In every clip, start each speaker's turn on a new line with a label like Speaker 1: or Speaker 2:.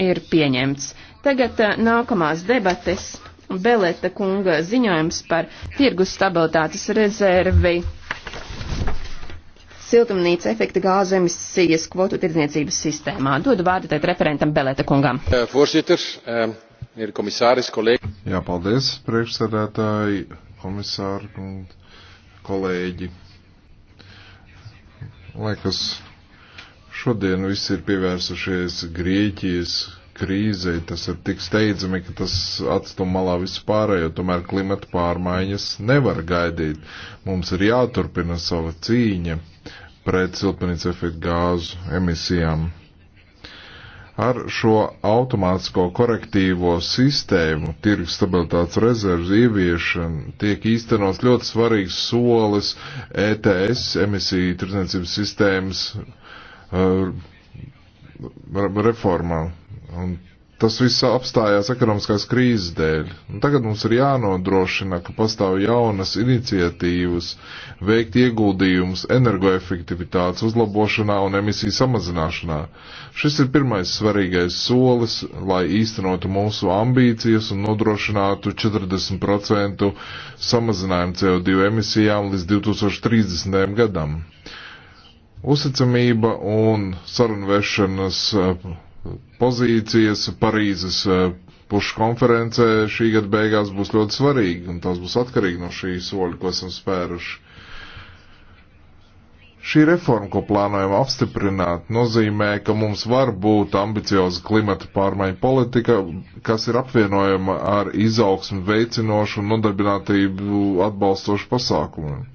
Speaker 1: ir pieņemts. Tagad eh, nākamās debates. Beleta kunga ziņojums par tirgus stabilitātes rezervi siltumnīca efekta gāzu emisijas kvotu tirdzniecības sistēmā. Dodu vārdu tēt referentam Beleta
Speaker 2: kungam. Ehm, Jā, paldies, priekšsēdētāji, komisāri un kolēģi. Laikas Šodien visi ir pievērsušies Grieķijas krīzei, tas ir tik steidzami, ka tas atstum malā vispārējo, tomēr klimata pārmaiņas nevar gaidīt. Mums ir jāturpina sava cīņa pret silpenīca efektu gāzu emisijām. Ar šo automātisko korektīvo sistēmu tirgus stabilitātes rezervu ieviešanu tiek īstenots ļoti svarīgs solis ETS emisiju tirdzniecības sistēmas reformā. Un tas viss apstājās ekonomiskās krīzes dēļ. Un tagad mums ir jānodrošina, ka pastāv jaunas iniciatīvas veikt ieguldījumus energoefektivitātes uzlabošanā un emisiju samazināšanā. Šis ir pirmais svarīgais solis, lai īstenotu mūsu ambīcijas un nodrošinātu 40% samazinājumu CO2 emisijām līdz 2030. gadam. Uzticamība un sarunvešanas eh, pozīcijas Parīzes eh, pušu konferencē šī gada beigās būs ļoti svarīgi, un tas būs atkarīgi no šī soļa, ko esam spēruši. Šī reforma, ko plānojam apstiprināt, nozīmē, ka mums var būt ambicioza klimata pārmaiņa politika, kas ir apvienojama ar izaugsmu veicinošu un nodarbinātību atbalstošu pasākumiem.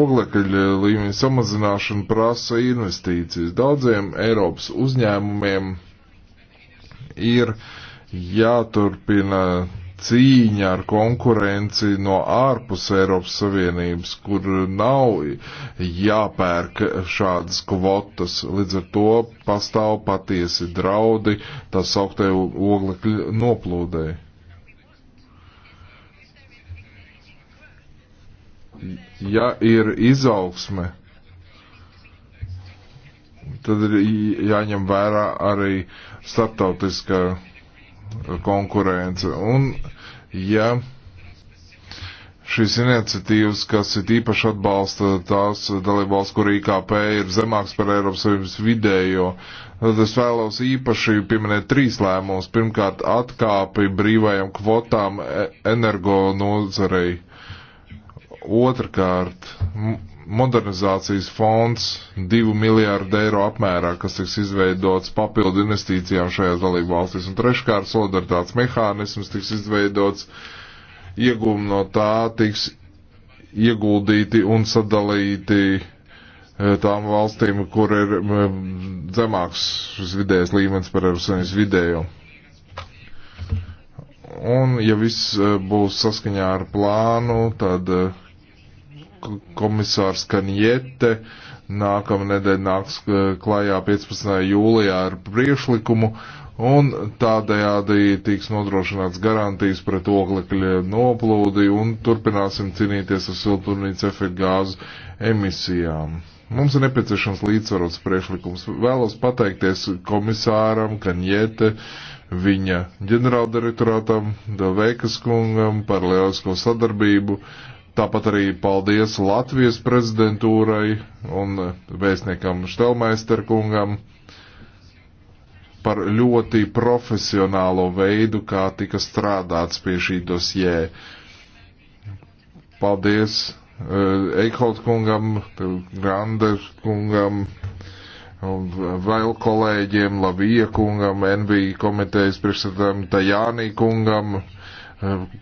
Speaker 2: Oglekļa līmeņa samazināšana prasa investīcijas. Daudziem Eiropas uzņēmumiem ir jāturpina cīņa ar konkurenci no ārpus Eiropas Savienības, kur nav jāpērk šādas kvotas. Līdz ar to pastāv patiesi draudi tā sauktē oglekļa noplūdēji. ja ir izaugsme, tad ir jāņem vērā arī starptautiskā konkurence. Un, ja šīs iniciatīvas, kas ir īpaši atbalsta tās dalībvalsts, kur IKP ir zemāks par Eiropas Savienības vidējo, tad es vēlos īpaši pieminēt trīs lēmumus. Pirmkārt, atkāpi brīvajam kvotām e-, energo nozarei. Otrakārt, modernizācijas fonds 2 miljārdu eiro apmērā, kas tiks izveidots papildu investīcijām šajās dalību valstīs. Un treškārt, solidaritātes mehānisms tiks izveidots, iegūmi no tā tiks ieguldīti un sadalīti e, tām valstīm, kur ir zemāks šis vidējais līmenis par Eiropas Savienības vidējo. Un, ja viss e, būs saskaņā ar plānu, tad uh, komisārs Kanjete nākamā nedēļa nāks eh, klajā 15. jūlijā ar priešlikumu, un tādējādi tiks nodrošināts garantijas pret oglekļa noplūdi, un turpināsim cīnīties ar siltumnīca efektu gāzu emisijām. Mums ir nepieciešams līdzsvarots priešlikums. Vēlos pateikties komisāram Kanjete, viņa ģenerāldirektorātam, Delveikas kungam par lielisko sadarbību Tāpat arī paldies Latvijas prezidentūrai un vēstniekam Štelmeisterkungam par ļoti profesionālo veidu, kā tika strādāts pie šī dosjē. Paldies eh, Eikhaut kungam, Grande kungam, vēl kolēģiem, Lavija kungam, NV komitejas priekšsēdētājiem, Tajānī kungam,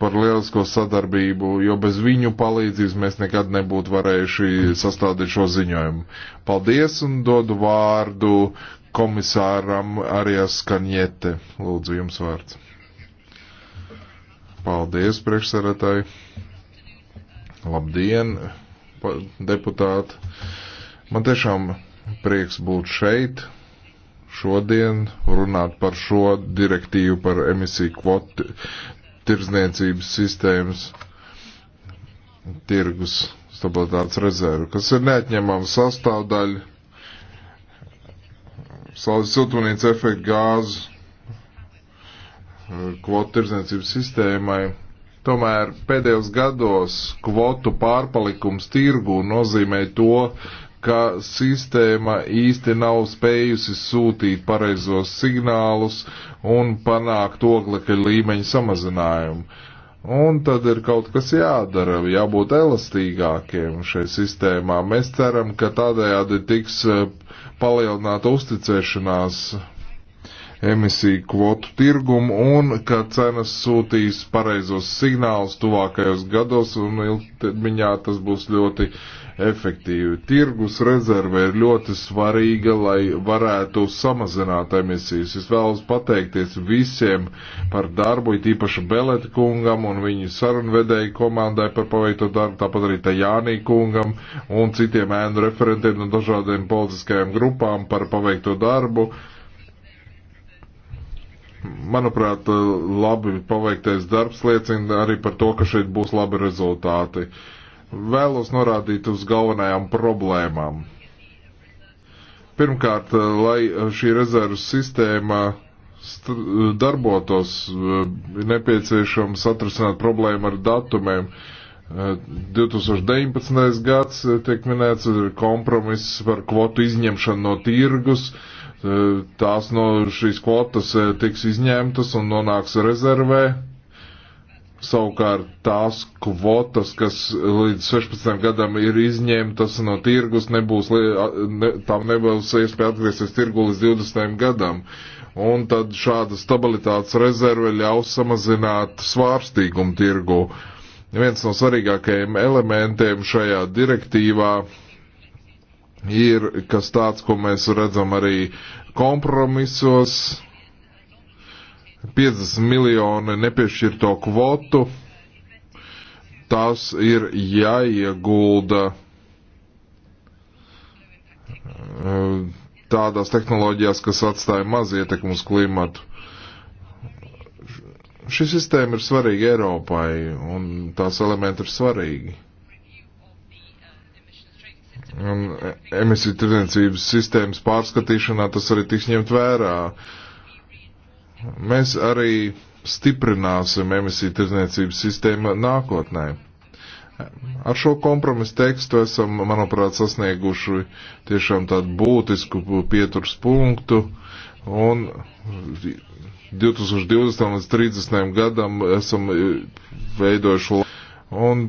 Speaker 2: par lielisko sadarbību, jo bez viņu palīdzības mēs nekad nebūtu varējuši sastādīt šo ziņojumu. Paldies un dodu vārdu komisāram Arijas Kanjete. Lūdzu, jums vārds. Paldies, priekšsarētāji. Labdien, deputāti. Man tiešām prieks būt šeit šodien runāt par šo direktīvu par emisiju kvoti, tirzniecības sistēmas tirgus stabilitātes rezervu, kas ir neatņemama sastāvdaļa saules siltumnīca efekta gāzu kvotu tirzniecības sistēmai. Tomēr pēdējos gados kvotu pārpalikums tirgu nozīmē to, ka sistēma īsti nav spējusi sūtīt pareizos signālus un panākt oglekļa līmeņa samazinājumu. Un tad ir kaut kas jādara, jābūt elastīgākiem šai sistēmā. Mēs ceram, ka tādējādi tiks eh, palielināta uzticēšanās emisiju kvotu tirgumu un ka cenas sūtīs pareizos signālus tuvākajos gados un ilgtermiņā tas būs ļoti uh, efektīvi. Tirgus rezerve ir ļoti svarīga, lai varētu samazināt emisijas. Es vēlos pateikties visiem par darbu, it īpaši Beleta kungam un viņa sarunvedēju komandai par paveikto darbu, tāpat arī Tajānī kungam un citiem ēnu referentiem no dažādiem politiskajām grupām par paveikto darbu manuprāt, labi paveiktais darbs liecina arī par to, ka šeit būs labi rezultāti. Uh, Vēlos norādīt uz galvenajām problēmām. Pirmkārt, eh, lai šī rezervu sistēma darbotos, eh, ir nepieciešams atrisināt problēmu ar datumiem. 2019. Eh, gads tiek minēts kompromiss par kvotu izņemšanu no tirgus. Tās no šīs kvotas tiks izņemtas un nonāks rezervē Savukārt tās kvotas, kas līdz 16 gadam ir izņemtas no tirgus, nebūs, ne, tam nebūs iespēja atgriezties tirgu līdz 20 gadam. Un tad šāda stabilitātes rezerve ļaus samazināt svārstīgumu tirgu. Viens no svarīgākajiem elementiem šajā direktīvā ir kas tāds, ko mēs redzam arī kompromisos, 50 miljoni nepiešķirto kvotu. Tas ir jāiegulda eh, tādās tehnoloģijās, kas atstāja maz ietekmu uz klimatu. Šī sistēma ir svarīga Eiropai, un tās elementi ir svarīgi. Un emisiju tirdzniecības sistēmas pārskatīšanā tas arī tiks ņemt vērā. Uh, Mēs arī stiprināsim emisiju tirdzniecības sistēmu nākotnē. Ar šo kompromisu tekstu esam, manuprāt, sasnieguši tiešām tādu būtisku pieturs punktu un 2020 līdz 30 gadam esam veidojuši un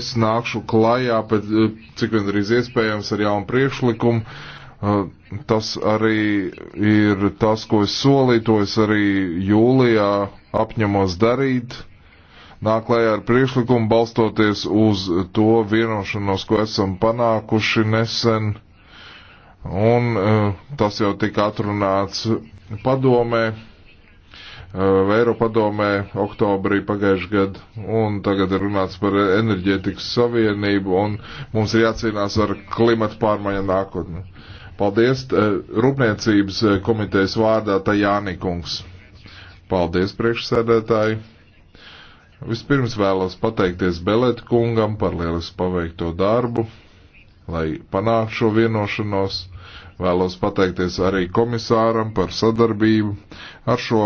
Speaker 2: es nākšu klajā, pēc, cik vien drīz iespējams, ar jaunu priekšlikumu, Tas arī ir tas, ko es solīju, to es arī jūlijā apņemos darīt. Nāk lējā ar priekšlikumu balstoties uz to vienošanos, ko esam panākuši nesen. Un tas jau tika atrunāts padomē, Eiropadomē oktobrī pagājušajā gadā, un tagad ir runāts par enerģētikas savienību, un mums ir jācīnās ar klimatu pārmaiņu nākotni. Paldies eh, Rūpniecības eh, komitejas vārdā Tajānikungs. Paldies priekšsēdētāji. Vispirms vēlos pateikties Belēt kungam par lielisku paveikto darbu, lai panāktu šo vienošanos. Vēlos pateikties arī komisāram par sadarbību. Ar šo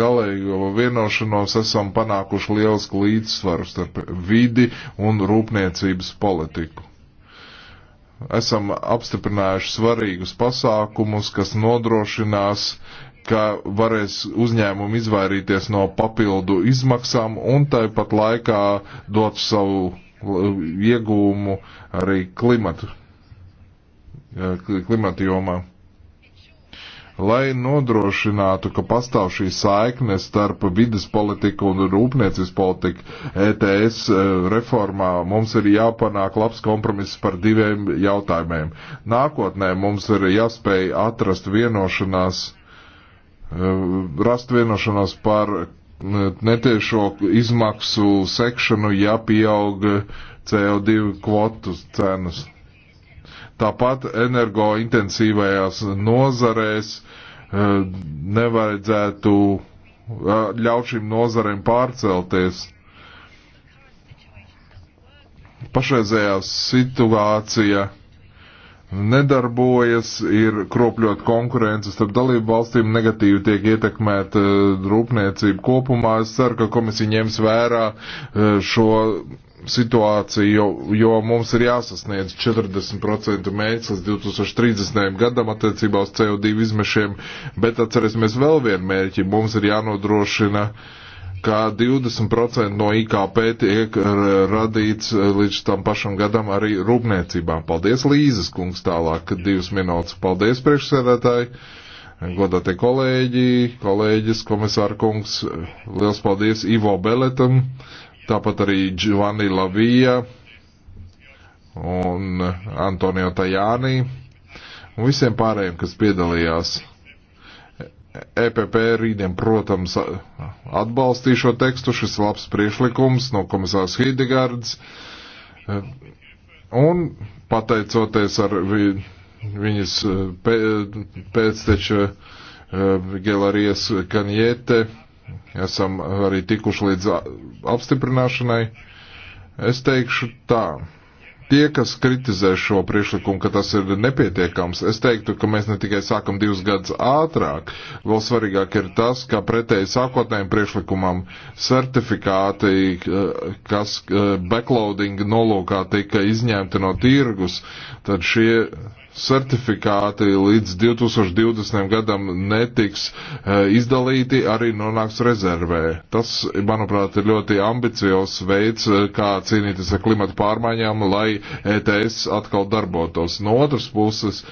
Speaker 2: galējo vienošanos esam panākuši lielisku līdzsvaru starp vidi un rūpniecības politiku esam apstiprinājuši svarīgus pasākumus, kas nodrošinās, ka varēs uzņēmumi izvairīties no papildu izmaksām un tāpat laikā dot savu iegūmu arī klimatu, eh, klimatu jomā lai nodrošinātu, ka pastāv šī saikne starp vidas politiku un rūpniecības politiku ETS e, reformā, mums ir jāpanāk labs kompromiss par diviem jautājumiem. Nākotnē mums ir jāspēj atrast vienošanās, e, rast vienošanās par e, netiešo izmaksu sekšanu, ja pieaug CO2 kvotu cenas. Tāpat energointensīvajās nozarēs eh, nevajadzētu eh, ļaut šīm nozarēm pārcelties. Pašreizējā situācija nedarbojas, ir kropļot konkurences starp dalību valstīm, negatīvi tiek ietekmēta eh, rūpniecība kopumā. Es ceru, ka komisija ņems vērā šo situāciju, jo, jo mums ir jāsasniedz 40% mērķis līdz 2030. gadam attiecībā uz CO2 izmešiem, bet atcerēsimies vēl vienu mērķi. Mums ir jānodrošina, ka 20% no IKP tiek radīts līdz tam pašam gadam arī rūpniecībām. Paldies, Līzes kungs, tālāk divas minūtes. Paldies, priekšsēdētāji! Godātie kolēģi, kolēģis, komisāra kungs, liels paldies Ivo Beletam Tāpat arī Giovanni Lavija un Antonio Tajāni un visiem pārējiem, kas piedalījās. EPP rītdien, protams, atbalstīja šo tekstu, šis labs priešlikums no komisārs Hidegards. Un pateicoties ar vi, viņas pēcteču eh, Gelārijas Kanjete, esam arī tikuši līdz apstiprināšanai. Es teikšu tā, tie, kas kritizē šo priekšlikumu, ka tas ir nepietiekams, es teiktu, ka mēs ne tikai sākam divus gadus ātrāk, vēl svarīgāk ir tas, ka pretēji sākotnējiem priekšlikumam certifikāti, kas backloading nolūkā tika izņemti no tirgus, tad šie certifikāti līdz 2020. gadam netiks eh, izdalīti, arī nonāks rezervē. Tas, manuprāt, ir ļoti ambiciozs veids, eh, kā cīnīties ar klimatu pārmaiņām, lai ETS atkal darbotos. No otras puses,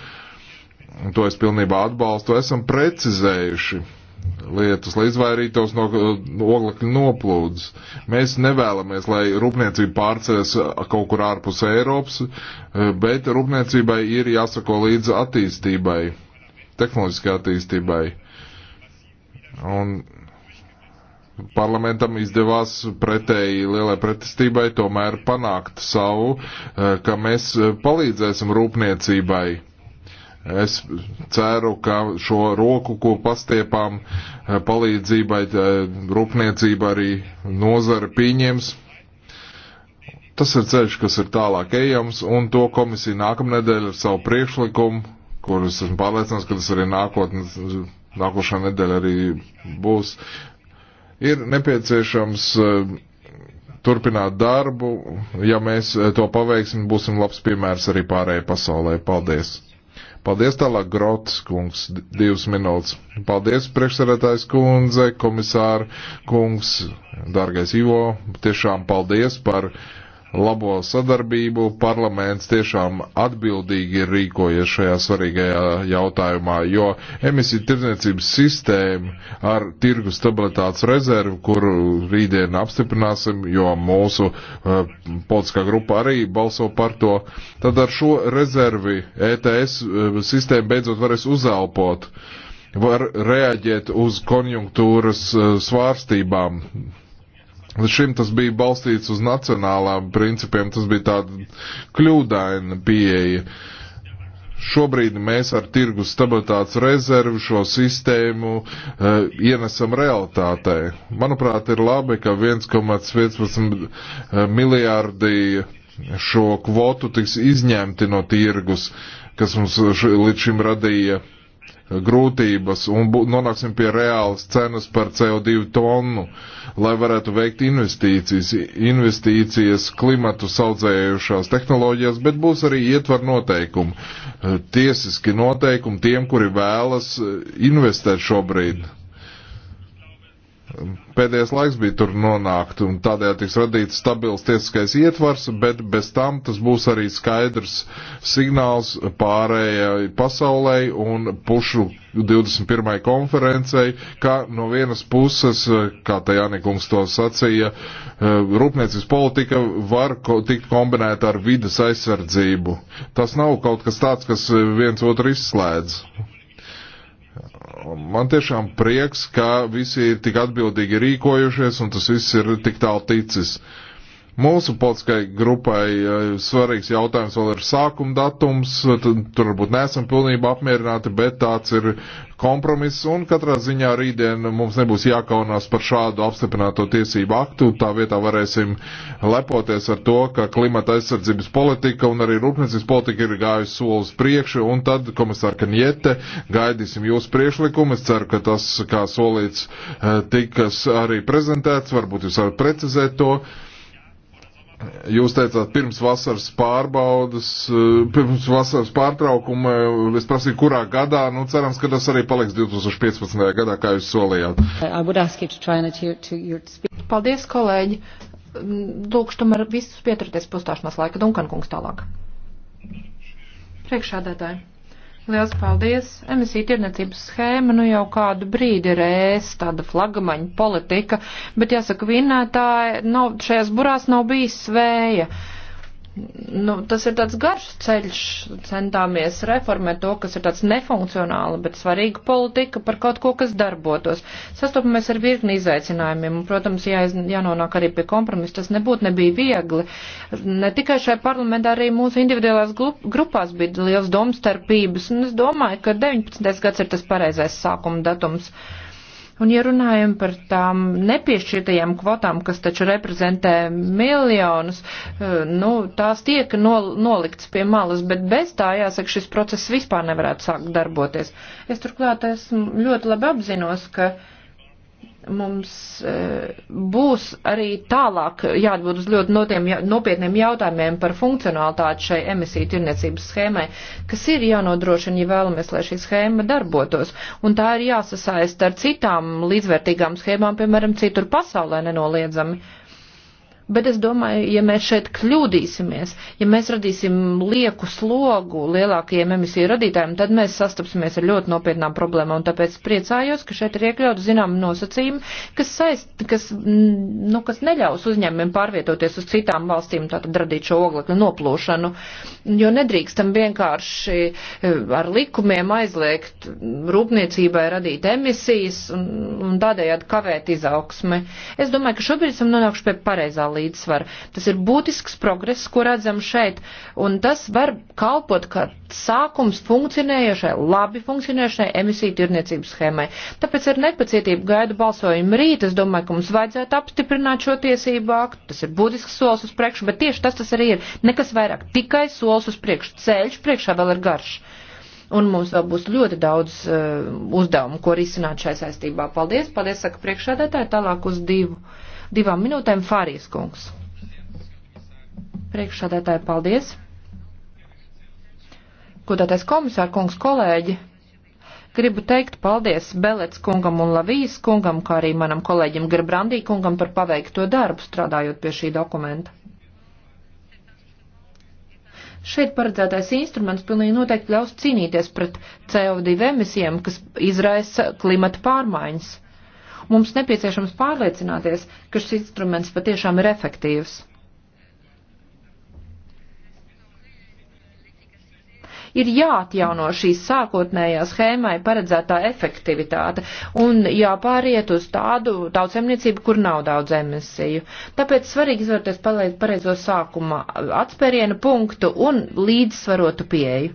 Speaker 2: to es pilnībā atbalstu, esam precizējuši lietas, lai izvairītos no oglekļa noplūdes. Mēs nevēlamies, lai rūpniecība pārcēs kaut kur ārpus Eiropas, eh, bet rūpniecībai ir jāsako līdz attīstībai, tehnoloģiskai attīstībai. Un parlamentam izdevās pretēji lielai pretestībai tomēr panākt savu, eh, ka mēs eh, palīdzēsim rūpniecībai Es ceru, ka šo roku, ko pastiepām eh, palīdzībai, eh, rūpniecība arī nozara pieņems. Tas ir ceļš, kas ir tālāk ejams, un to komisija nākamnedēļ ar savu priekšlikumu, kurus esmu pārliecināts, ka tas arī nākotnes, nākošā nedēļa arī būs, ir nepieciešams eh, turpināt darbu. Ja mēs to paveiksim, būsim labs piemērs arī pārējai pasaulē. Paldies! Paldies tālāk, Grots kungs, divas minūtes. Paldies, priekšsarētājs kundze, komisāra kungs, dārgais Ivo, tiešām paldies par labo sadarbību. Parlaments tiešām atbildīgi ir rīkojies šajā svarīgajā jautājumā, jo emisiju tirdzniecības sistēma ar tirgu stabilitātes rezervu, kuru rītdien apstiprināsim, jo mūsu uh, politiskā grupa arī balso par to, tad ar šo rezervi ETS uh, eh, sistēma beidzot varēs uzelpot var reaģēt uz konjunktūras uh, svārstībām Līdz šim tas bija balstīts uz nacionālām principiem, tas bija tāda kļūdaina pieeja. Šobrīd mēs ar tirgus stabilitātes rezervu šo sistēmu uh, ienesam realitātē. Manuprāt, ir labi, ka 1,15 eh, miljārdi šo kvotu tiks izņemti no tirgus, kas mums š, līdz šim radīja uh, grūtības un nonāksim pie reālas cenas par CO2 tonu, lai varētu veikt investīcijas, investīcijas klimatu saudzējušās tehnoloģijās, bet būs arī ietvar noteikumi, tiesiski noteikumi tiem, kuri vēlas eh, investēt šobrīd pēdējais laiks bija tur nonākt, un tādējā tiks radīts stabils tiesiskais ietvars, bet bez tam tas būs arī skaidrs signāls pārējai pasaulē un pušu 21. konferencei, ka no vienas puses, kā te Janikungs to sacīja, eh, rūpniecības politika var tikt kombinēta ar vidas aizsardzību. Tas nav kaut kas tāds, kas viens otru izslēdz. Man tiešām prieks, ka visi ir tik atbildīgi rīkojušies un tas viss ir tik tālu ticis. Uh, Mūsu politiskai grupai svarīgs jautājums vēl ir sākuma datums, tur varbūt neesam pilnībā apmierināti, bet tāds ir kompromiss, un katrā ziņā rītdien mums nebūs jākaunās par šādu apstiprināto tiesību aktu, tā vietā varēsim lepoties ar to, ka klimata aizsardzības politika un arī rūpniecības politika ir gājusi solis priekšu, un tad, komisār Kanjete, gaidīsim jūsu priekšlikumu, es ceru, ka tas, kā solīts, eh, tikas arī prezentēts, varbūt jūs varat precizēt to. Jūs teicāt, pirms vasaras pārbaudas, eh, pirms vasaras pārtraukuma, es prasīju, kurā gadā, nu cerams, ka tas arī paliks 2015. gadā, kā jūs solījāt.
Speaker 3: To to Paldies, kolēģi. Mm, Lūkšu tomēr visus pieturēties pustāšanās laika. Dunkan kungs tālāk. Priekšādētāji. Liels paldies! Emisiju tirnecības schēma nu jau kādu brīdi ir ēs, tāda flagmaņa politika, bet jāsaka, vinētāji, no, šajās burās nav bijis vēja. Uh, nu, tas ir tāds garš ceļš, centāmies reformēt to, kas ir tāds nefunkcionāli, bet svarīga politika par kaut ko, kas darbotos. Sastopamies ar virkni izaicinājumiem, un, protams, jā, jānonāk arī pie kompromisa. Tas nebūtu nebija viegli. Ne tikai šai parlamentā, arī mūsu individuālās grupās bija liels domstarpības, un es domāju, ka 19. gads ir tas pareizais sākuma datums. Uh, Un ja runājam par tām nepiešķirtajām kvotām, kas taču reprezentē miljonus, eh, nu, tās tiek nol nolikts pie malas, bet bez tā, jāsaka, šis process vispār nevarētu sākt darboties. Es turklāt esmu ļoti labi apzinos, ka mums e, būs arī tālāk jāatbūt uz ļoti notiem, nopietniem jautājumiem par funkcionalitāti šai emisiju tirniecības schēmai, kas ir jānodrošina, ja vēlamies, lai šī schēma darbotos. Un tā ir jāsasaist ar citām līdzvērtīgām schēmām, piemēram, citur pasaulē nenoliedzami. Bet es domāju, ja mēs šeit kļūdīsimies, ja mēs radīsim lieku slogu lielākajiem emisiju radītājiem, tad mēs sastapsimies ar ļoti nopietnām problēmām. Un tāpēc priecājos, ka šeit ir iekļauts zinām nosacījumi, kas, saist, kas, mm, nu, kas neļaus uzņēmumiem pārvietoties uz citām valstīm, tātad radīt šo oglekļu noplūšanu. Jo nedrīkstam vienkārši e, ar likumiem aizliegt rūpniecībai radīt emisijas un, un tādējādi kavēt izaugsmi. Es domāju, ka šobrīd esam nonākuši pie pareizā līdzekļa līdzsvaru. Tas ir būtisks progress, ko redzam šeit, un tas var kalpot kā sākums funkcionējošai, labi funkcionējošai emisiju tirniecības schēmai. Tāpēc ar nepacietību gaidu balsojumu rīt. Es domāju, ka mums vajadzētu apstiprināt šo tiesību aktu. Tas ir būtisks solis uz priekšu, bet tieši tas tas arī ir. Nekas vairāk, tikai solis uz priekšu. Ceļš priekšā vēl ir garš un mums vēl būs ļoti daudz uh, uzdevumu, ko risināt šai saistībā. Paldies, paldies, saka priekšādētāji, tālāk uz divu. Divām minūtēm Fārijas kungs. Priekšsādētāji, paldies. Godātais komisār kungs, kolēģi, gribu teikt paldies Belets kungam un Lavijas kungam, kā arī manam kolēģim Gerbrandī kungam par paveikto darbu strādājot pie šī dokumenta. Šeit paredzētais instruments pilnīgi noteikti ļaus cīnīties pret CO2 emisijām, kas izraisa klimata pārmaiņas. Mums nepieciešams pārliecināties, ka šis instruments patiešām ir efektīvs. ir jāatjauno šī sākotnējā schēmai paredzētā efektivitāte un jāpāriet uz tādu tautsemniecību, kur nav daudz emisiju. Tāpēc svarīgi izvērties pareizo sākuma atspērienu punktu un līdzsvarotu pieeju.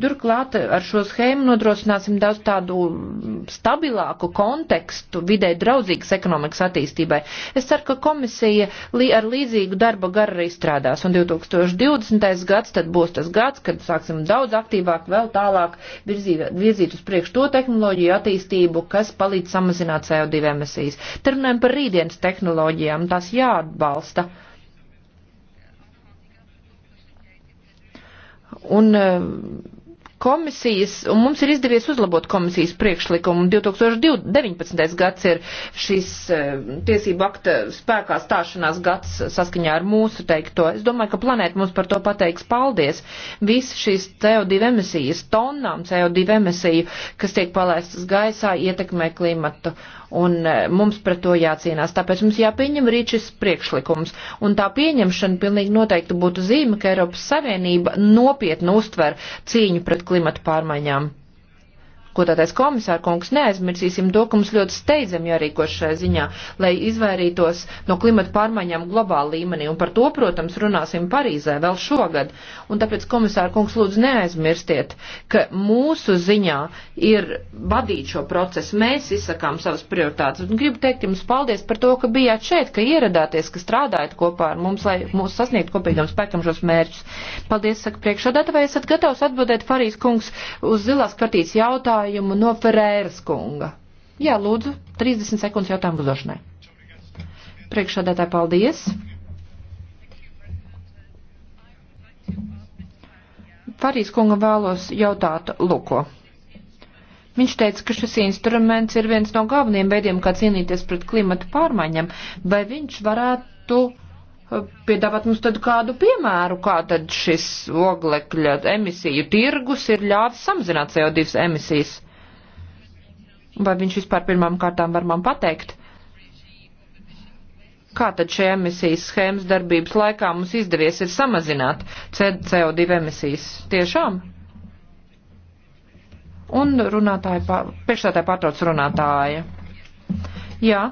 Speaker 3: Turklāt ar šo schēmu nodrošināsim daudz tādu stabilāku kontekstu vidē draudzīgas ekonomikas attīstībai. Es ceru, ka komisija ar līdzīgu darba garu arī strādās, un 2020. gads tad būs tas gads, kad sāksim daudz aktīvāk vēl tālāk virzīt, virzīt uz priekšu to tehnoloģiju attīstību, kas palīdz samazināt CO2 emisijas. Te runājam par rītdienas tehnoloģijām, tās jāatbalsta. Un e, komisijas, un mums ir izdevies uzlabot komisijas priekšlikumu. 2019. gads ir šis e, tiesību akta spēkā stāšanās gads saskaņā ar mūsu teikto. Es domāju, ka planēta mums par to pateiks paldies. Visi šīs CO2 emisijas, tonnām CO2 emisiju, kas tiek palaistas gaisā, ietekmē klimatu. Uh, un e, mums pret to jācīnās. Tāpēc mums jāpieņem rīt šis priekšlikums. Un tā pieņemšana pilnīgi noteikti būtu zīme, ka Eiropas Savienība nopietni uztver cīņu pret klimatu pārmaiņām. Ko tātais komisāra kungs neaizmirsīsim to, ka mums ļoti steidzam jārīkos šajā ziņā, lai izvairītos no klimata pārmaiņām globāla līmenī. Un par to, protams, runāsim Parīzē vēl šogad. Un tāpēc, komisāra kungs, lūdzu neaizmirstiet, ka mūsu ziņā ir vadīt šo procesu. Mēs izsakām savas prioritātes. Un gribu teikt jums paldies par to, ka bijāt šeit, ka ieradāties, ka strādājat kopā ar mums, lai mūs sasniegtu kopīgam spēkam šos mērķus. Paldies, saka priekšādātā, vai esat gatavs atbildēt Farijas kungs uz zilās kartītes jautājumu? jautājumu no Ferēras kunga. Jā, lūdzu, 30 sekundes jautājumu uzdošanai. Priekšādātāji, paldies. Farijas kunga vēlos jautāt Luko. Viņš teica, ka šis instruments ir viens no galvenajiem veidiem, kā cīnīties pret klimatu pārmaiņam. Vai viņš varētu piedāvāt mums tad kādu piemēru, kā tad šis oglekļa emisiju tirgus ir ļāvis samazināt CO2 emisijas. Vai viņš vispār pirmām kārtām var man pateikt? Kā tad šie emisijas schēmas darbības laikā mums izdevies ir samazināt CO2 emisijas? Tiešām? Un runātāja, priekšstātāja pārtrauc runātāja. Jā,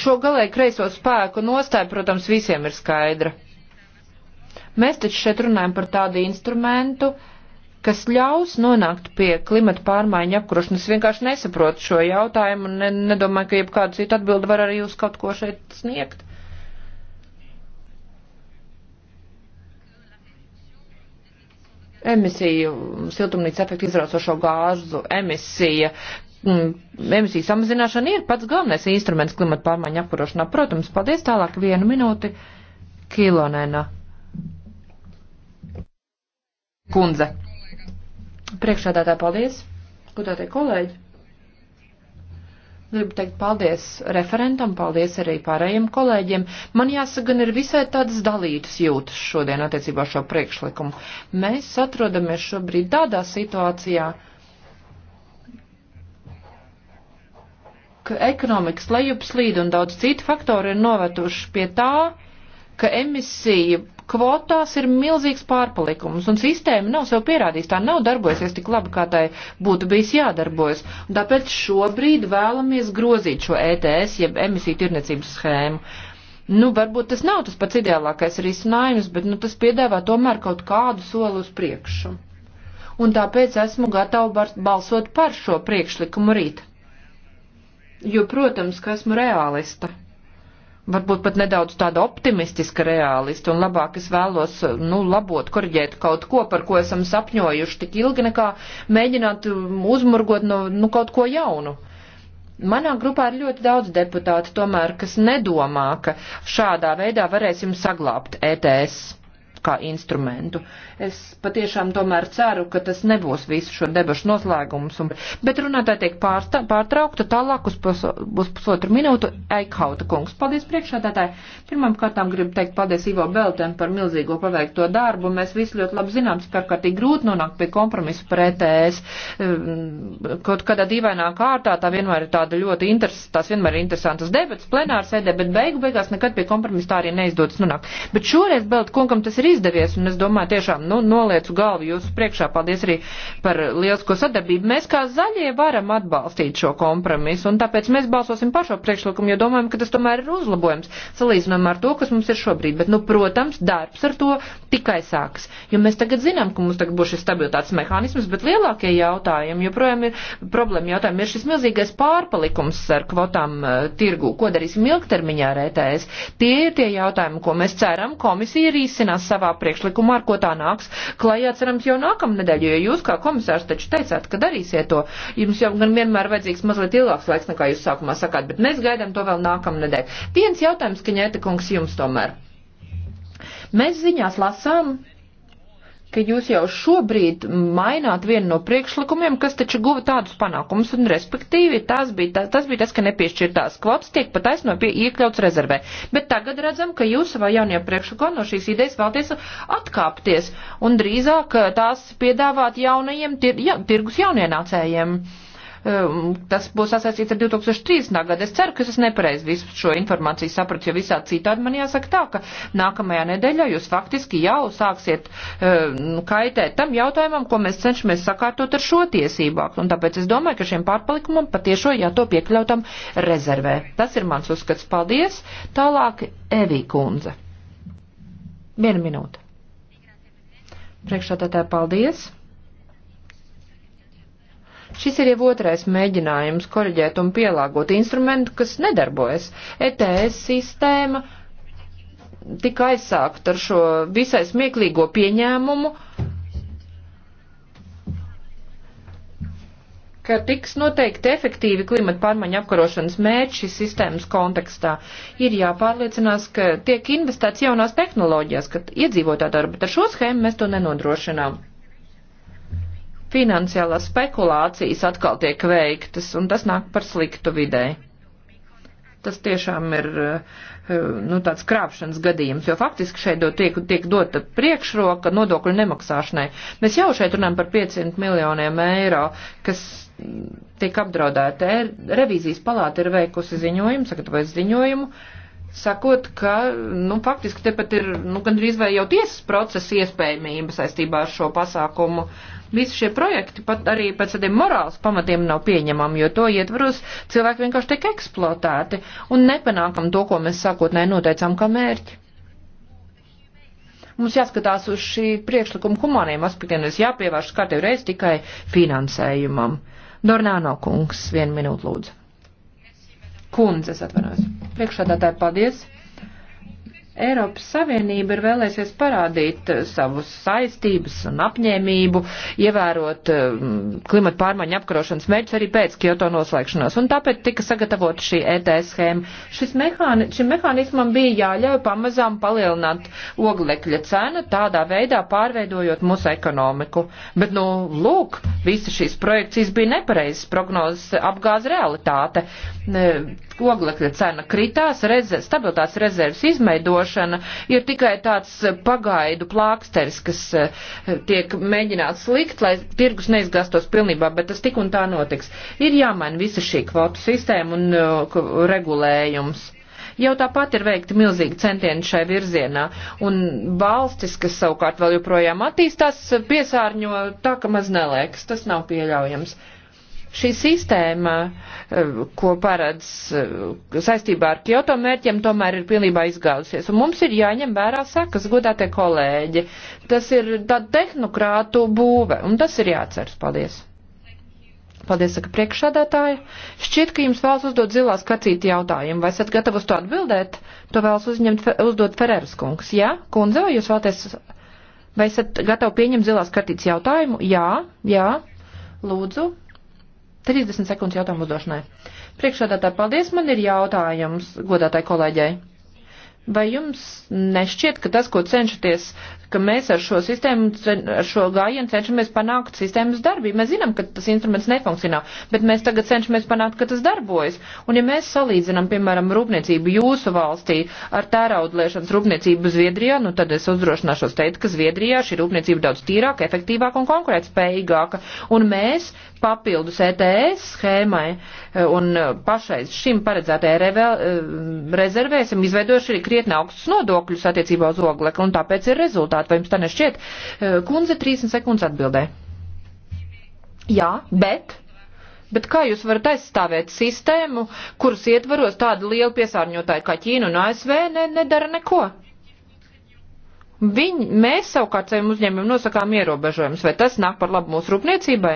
Speaker 3: Šo galēji kreiso spēku nostāja, protams, visiem ir skaidra. Mēs taču šeit runājam par tādu instrumentu, kas ļaus nonākt pie klimata pārmaiņu apkrošanas. Es vienkārši nesaprotu šo jautājumu un ne, nedomāju, ka jebkādu citu atbildi var arī uz kaut ko šeit sniegt. Emisiju, siltumnīca efektu izraucošo gāzu emisija Mm, emisiju samazināšana ir pats galvenais instruments klimata pārmaiņu apkarošanā. Protams, paldies tālāk vienu minūti Kilonēna. Kundze. Priekšādātā paldies. Gudātie kolēģi. Gribu teikt paldies referentam, paldies arī pārējiem kolēģiem. Man jāsaka, gan ir visai tādas dalītas jūtas šodien attiecībā šo priekšlikumu. Mēs atrodamies šobrīd tādā situācijā, uh, ka ekonomikas lejupslīd un daudz citu faktoru ir novetuši pie tā, ka emisiju kvotās ir milzīgs pārpalikums, un sistēma nav sev pierādījis, tā nav darbojusies tik labi, kā tai būtu bijis jādarbojas. Un tāpēc šobrīd vēlamies grozīt šo ETS, jeb emisiju tirniecības schēmu. Nu, varbūt tas nav tas pats ideālākais risinājums, bet nu, tas piedāvā tomēr kaut kādu soli uz priekšu. Un tāpēc esmu gatava balsot par šo priekšlikumu rīt jo, protams, ka esmu realista. Varbūt pat nedaudz tāda optimistiska realista, un labāk es vēlos, nu, labot, korģēt kaut ko, par ko esam sapņojuši tik ilgi, nekā mēģināt um, uzmurgot no, nu, kaut ko jaunu. Manā grupā ir ļoti daudz deputātu tomēr, kas nedomā, ka šādā veidā varēsim saglābt ETS kā instrumentu. Es patiešām tomēr ceru, ka tas nebūs visu šo debašu noslēgums. Un, bet runātāji tiek pārsta, pārtraukta tālāk uz, pus, uz pusotru minūtu Eikhauta kungs. Paldies priekšādātāji. Pirmam kārtām gribu teikt paldies Ivo Beltēm par milzīgo paveikto darbu. Mēs visi ļoti labi zinām, ka kārtīgi grūti nonākt pie kompromisu par ETS. Ehm, kaut kādā dīvainā kārtā tā vienmēr ir tāda ļoti interesanta, tās vienmēr ir interesantas debats plenārsēdē, bet beigu beigās nekad pie kompromisa tā arī neizdodas nonākt. Bet šoreiz Belt kungam tas ir izdevies, un es domāju, tiešām nu, noliecu galvu jūsu priekšā. Paldies arī par lielisko sadarbību. Mēs kā zaļie varam atbalstīt šo kompromisu, un tāpēc mēs balsosim par šo priekšlikumu, jo domājam, ka tas tomēr ir uzlabojums salīdzinām ar to, kas mums ir šobrīd. Bet, nu, protams, darbs ar to tikai sāks. Jo mēs tagad zinām, ka mums tagad būs šis stabilitātes mehānisms, bet lielākie jautājumi joprojām ir problēma jautājumi. Ir šis milzīgais pārpalikums ar kvotām uh, tirgu. Ko darīsim ilgtermiņā ar ETS? Tie ir tie jautājumi, ko mēs ceram komisija arī izsinās savā savā priekšlikumā, ar ko tā nāks klajā, cerams, jau nākamnedēļ, jo jūs kā komisārs taču teicāt, ka darīsiet to. Jums jau gan vienmēr vajadzīgs mazliet ilgāks laiks, nekā jūs sākumā sakāt, bet mēs gaidām to vēl nākamnedēļ. Viens jautājums, ka ņēta kungs jums tomēr. Mēs ziņās lasām, ka jūs jau šobrīd maināt vienu no priekšlikumiem, kas taču guva tādus panākumus, un respektīvi tas bija, tā, tas, bija tas, ka nepiešķirtās kvotas tiek pataisno pie iekļauts rezervē. Bet tagad redzam, ka jūs savā jaunajā priekšlikumā no šīs idejas vēlties atkāpties un drīzāk eh, tās piedāvāt jaunajiem tir, ja, tirgus jaunienācējiem. Uh, Um, tas būs sasaistīts ar 2030. gadu. Es ceru, ka es nepareizi visu šo informāciju sapratu, jo visā citādi man jāsaka tā, ka nākamajā nedēļā jūs faktiski jau sāksiet nu, kaitēt tam jautājumam, ko mēs cenšamies sakārtot ar šo tiesību aktu. Un tāpēc es domāju, ka šiem pārpalikumam patiešo jāto piekļautam rezervē. Tas ir mans uzskats. Paldies. Tālāk Evī kundze. Viena minūte. Priekšā tā tā paldies. Šis ir jau otrais mēģinājums koreģēt un pielāgot instrumentu, kas nedarbojas. ETS sistēma tika aizsākt ar šo visai smieklīgo pieņēmumu, ka tiks noteikti efektīvi klimata pārmaiņu apkarošanas mērķi šīs sistēmas kontekstā. Ir jāpārliecinās, ka tiek investēts jaunās tehnoloģijās, ka iedzīvotā darba, bet ar šo schēmu mēs to nenodrošinām finansiālās spekulācijas atkal tiek veiktas, un tas nāk par sliktu videi. Tas tiešām ir eh, nu, tāds krāpšanas gadījums, jo faktiski šeit do, tiek, tiek dota priekšroka nodokļu nemaksāšanai. Mēs jau šeit runājam par 500 miljoniem eiro, kas tiek apdraudēta. E, revīzijas palāta ir veikusi ziņojumu, sagatavojas ziņojumu, uh, sakot, ka, nu, faktiski te pat ir, nu, gandrīz vai jau tiesas procesa iespējamība saistībā ar šo pasākumu. Visi šie projekti pat arī pēc tādiem morāls pamatiem nav pieņemami, jo to ietvaros cilvēki vienkārši tiek eksploatēti un nepanākam to, ko mēs sākotnēji noteicām kā mērķi. Mums jāskatās uz šī priekšlikuma humāniem aspektiem, es jāpievērš kārtīgi reiz tikai finansējumam. Dornāno kungs, vienu minūtu lūdzu kundzes atvainojas. Priekšādātāji, paldies! Eiropas Savienība ir vēlēsies parādīt eh, savus saistības un apņēmību, ievērot eh, klimata pārmaiņu apkarošanas mērķus arī pēc Kyoto noslēgšanos. Un tāpēc tika sagatavota šī ETS schēma. Šis mehāni, šim mehānismam bija jāļauj pamazām palielināt oglekļa cenu, tādā veidā pārveidojot mūsu ekonomiku. Bet, nu, lūk, visas šīs projekcijas bija nepareizas prognozes apgāz realitāte. Oglekļa cena kritās, reze, stabilitātes rezerves izveidoja likumdošana ir tikai tāds pagaidu plāksters, kas eh, tiek mēģināts likt, lai tirgus neizgastos pilnībā, bet tas tik un tā notiks. Ir jāmaina visa šī kvotu sistēma un uh, regulējums jau tāpat ir veikti milzīgi centieni šai virzienā. Un valstis, kas savukārt vēl joprojām attīstās, piesārņo tā, ka maz neliekas. Tas nav pieļaujams. Šī sistēma, eh, ko paredz eh, saistībā ar Kyoto mērķiem, tomēr ir pilnībā izgāzusies. Un mums ir jāņem vērā sekas, godātie kolēģi. Tas ir tāda tehnokrātu būve, un tas ir jāceras. Paldies! Paldies, saka priekšādātāja. Šķiet, ka jums vēlas uzdot zilās kacīti jautājumu. Vai esat gatavs to atbildēt? To vēlas uzņemt, uzdot Ferēras kungs. Jā, kundze, vai jūs vēlaties, vai esat gatavi pieņemt zilās kacītas jautājumu? Jā, jā. Lūdzu, 30 sekundes jautājumu uzdošanai. Priekšādātāji, paldies, man ir jautājums godātai kolēģei. Vai jums nešķiet, ka tas, ko cenšaties ka mēs ar šo sistēmu, ar šo gājienu cenšamies panākt sistēmas darbību. Mēs zinām, ka tas instruments nefunkcionā, bet mēs tagad cenšamies panākt, ka tas darbojas. Un ja mēs salīdzinām, piemēram, rūpniecību jūsu valstī ar tēraudliešanas rūpniecību Zviedrijā, nu tad es uzdrošināšos teikt, ka Zviedrijā šī rūpniecība daudz tīrāka, efektīvāka un konkurētspējīgāka. Un mēs papildus ETS schēmai e, un e, pašais šim paredzētajai e, rezervēsim izveidojuši krietni augstus nodokļus attiecībā uz oglekli, un tāpēc ir rezultāti prioritāte, vai jums tā nešķiet? Eh, kundze, 30 sekundes atbildē. Jā, bet. Bet kā jūs varat aizstāvēt sistēmu, kuras ietvaros tāda liela piesārņotāja kā Ķīna un ASV ne, nedara neko? Viņi, mēs savukārt saviem uzņēmumiem nosakām ierobežojumus, vai tas nāk par labu mūsu rūpniecībai?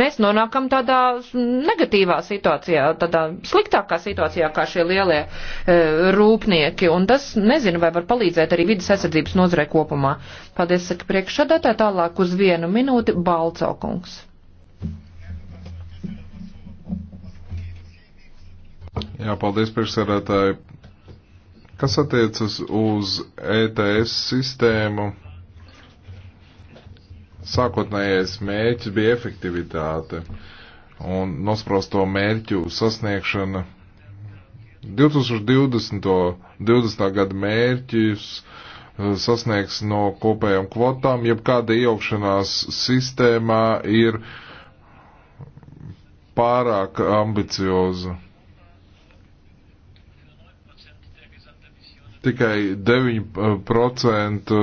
Speaker 3: mēs nonākam tādā negatīvā situācijā, tādā sliktākā situācijā, kā šie lielie e, rūpnieki, un tas nezinu, vai var palīdzēt arī vidas aizsardzības nozarei kopumā. Paldies, saka priekšsādātā, tālāk uz vienu minūti Balcaukungs.
Speaker 2: Jā, paldies priekšsādātāji. Kas attiecas uz ETS sistēmu? sākotnējais mērķis bija efektivitāte un nosprosto mērķu sasniegšana. 2020. 20. gada mērķis eh, sasniegs no kopējām kvotām, jeb kāda iejaukšanās sistēmā ir pārāk ambicioza. Tikai 9%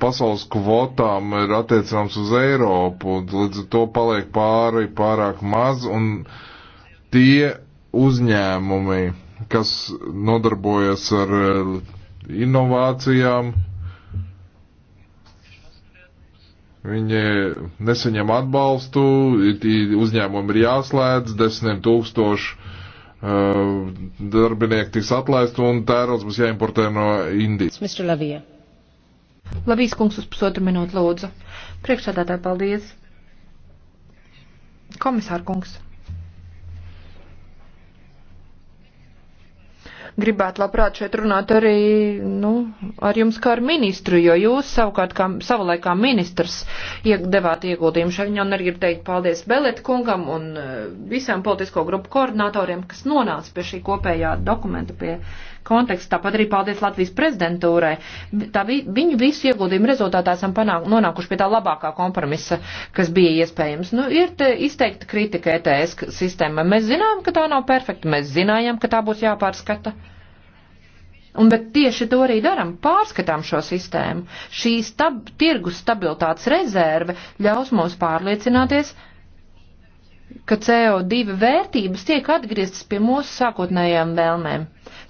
Speaker 2: pasaules kvotām ir attiecināms uz Eiropu, un līdz ar to paliek pāri pārāk maz, un tie uzņēmumi, kas nodarbojas ar eh, inovācijām, Viņi nesaņem atbalstu, uzņēmumi ir jāslēdz, desmitiem tūkstošu uh, eh, darbinieki tiks atlaisti un tērots būs jāimportē no Indijas.
Speaker 3: Labīs kungs uz pusotru minūtu lūdzu. Priekšsādātāji, paldies. Komisār kungs. gribētu labprāt šeit runāt arī nu, ar jums kā ar ministru, jo jūs savukārt kā savulaikā ministrs devāt ieguldījumu šeit. Un arī gribu teikt paldies Beleta kungam un eh, visām politisko grupu koordinatoriem, kas nonāca pie šī kopējā dokumenta, pie uh, konteksts. Tāpat arī paldies Latvijas prezidentūrai. Tā vi, viņu visu ieguldījumu rezultātā esam panāk, nonākuši pie tā labākā kompromisa, kas bija iespējams. Nu, ir izteikta kritika ETS sistēmai. Mēs zinām, ka tā nav perfekta. Mēs zinājām, ka tā būs jāpārskata. Un, bet tieši to arī daram, pārskatām šo sistēmu. Šī stab, tirgus stabilitātes rezerve ļaus mums pārliecināties, ka CO2 vērtības tiek atgrieztas pie mūsu sākotnējām vēlmēm.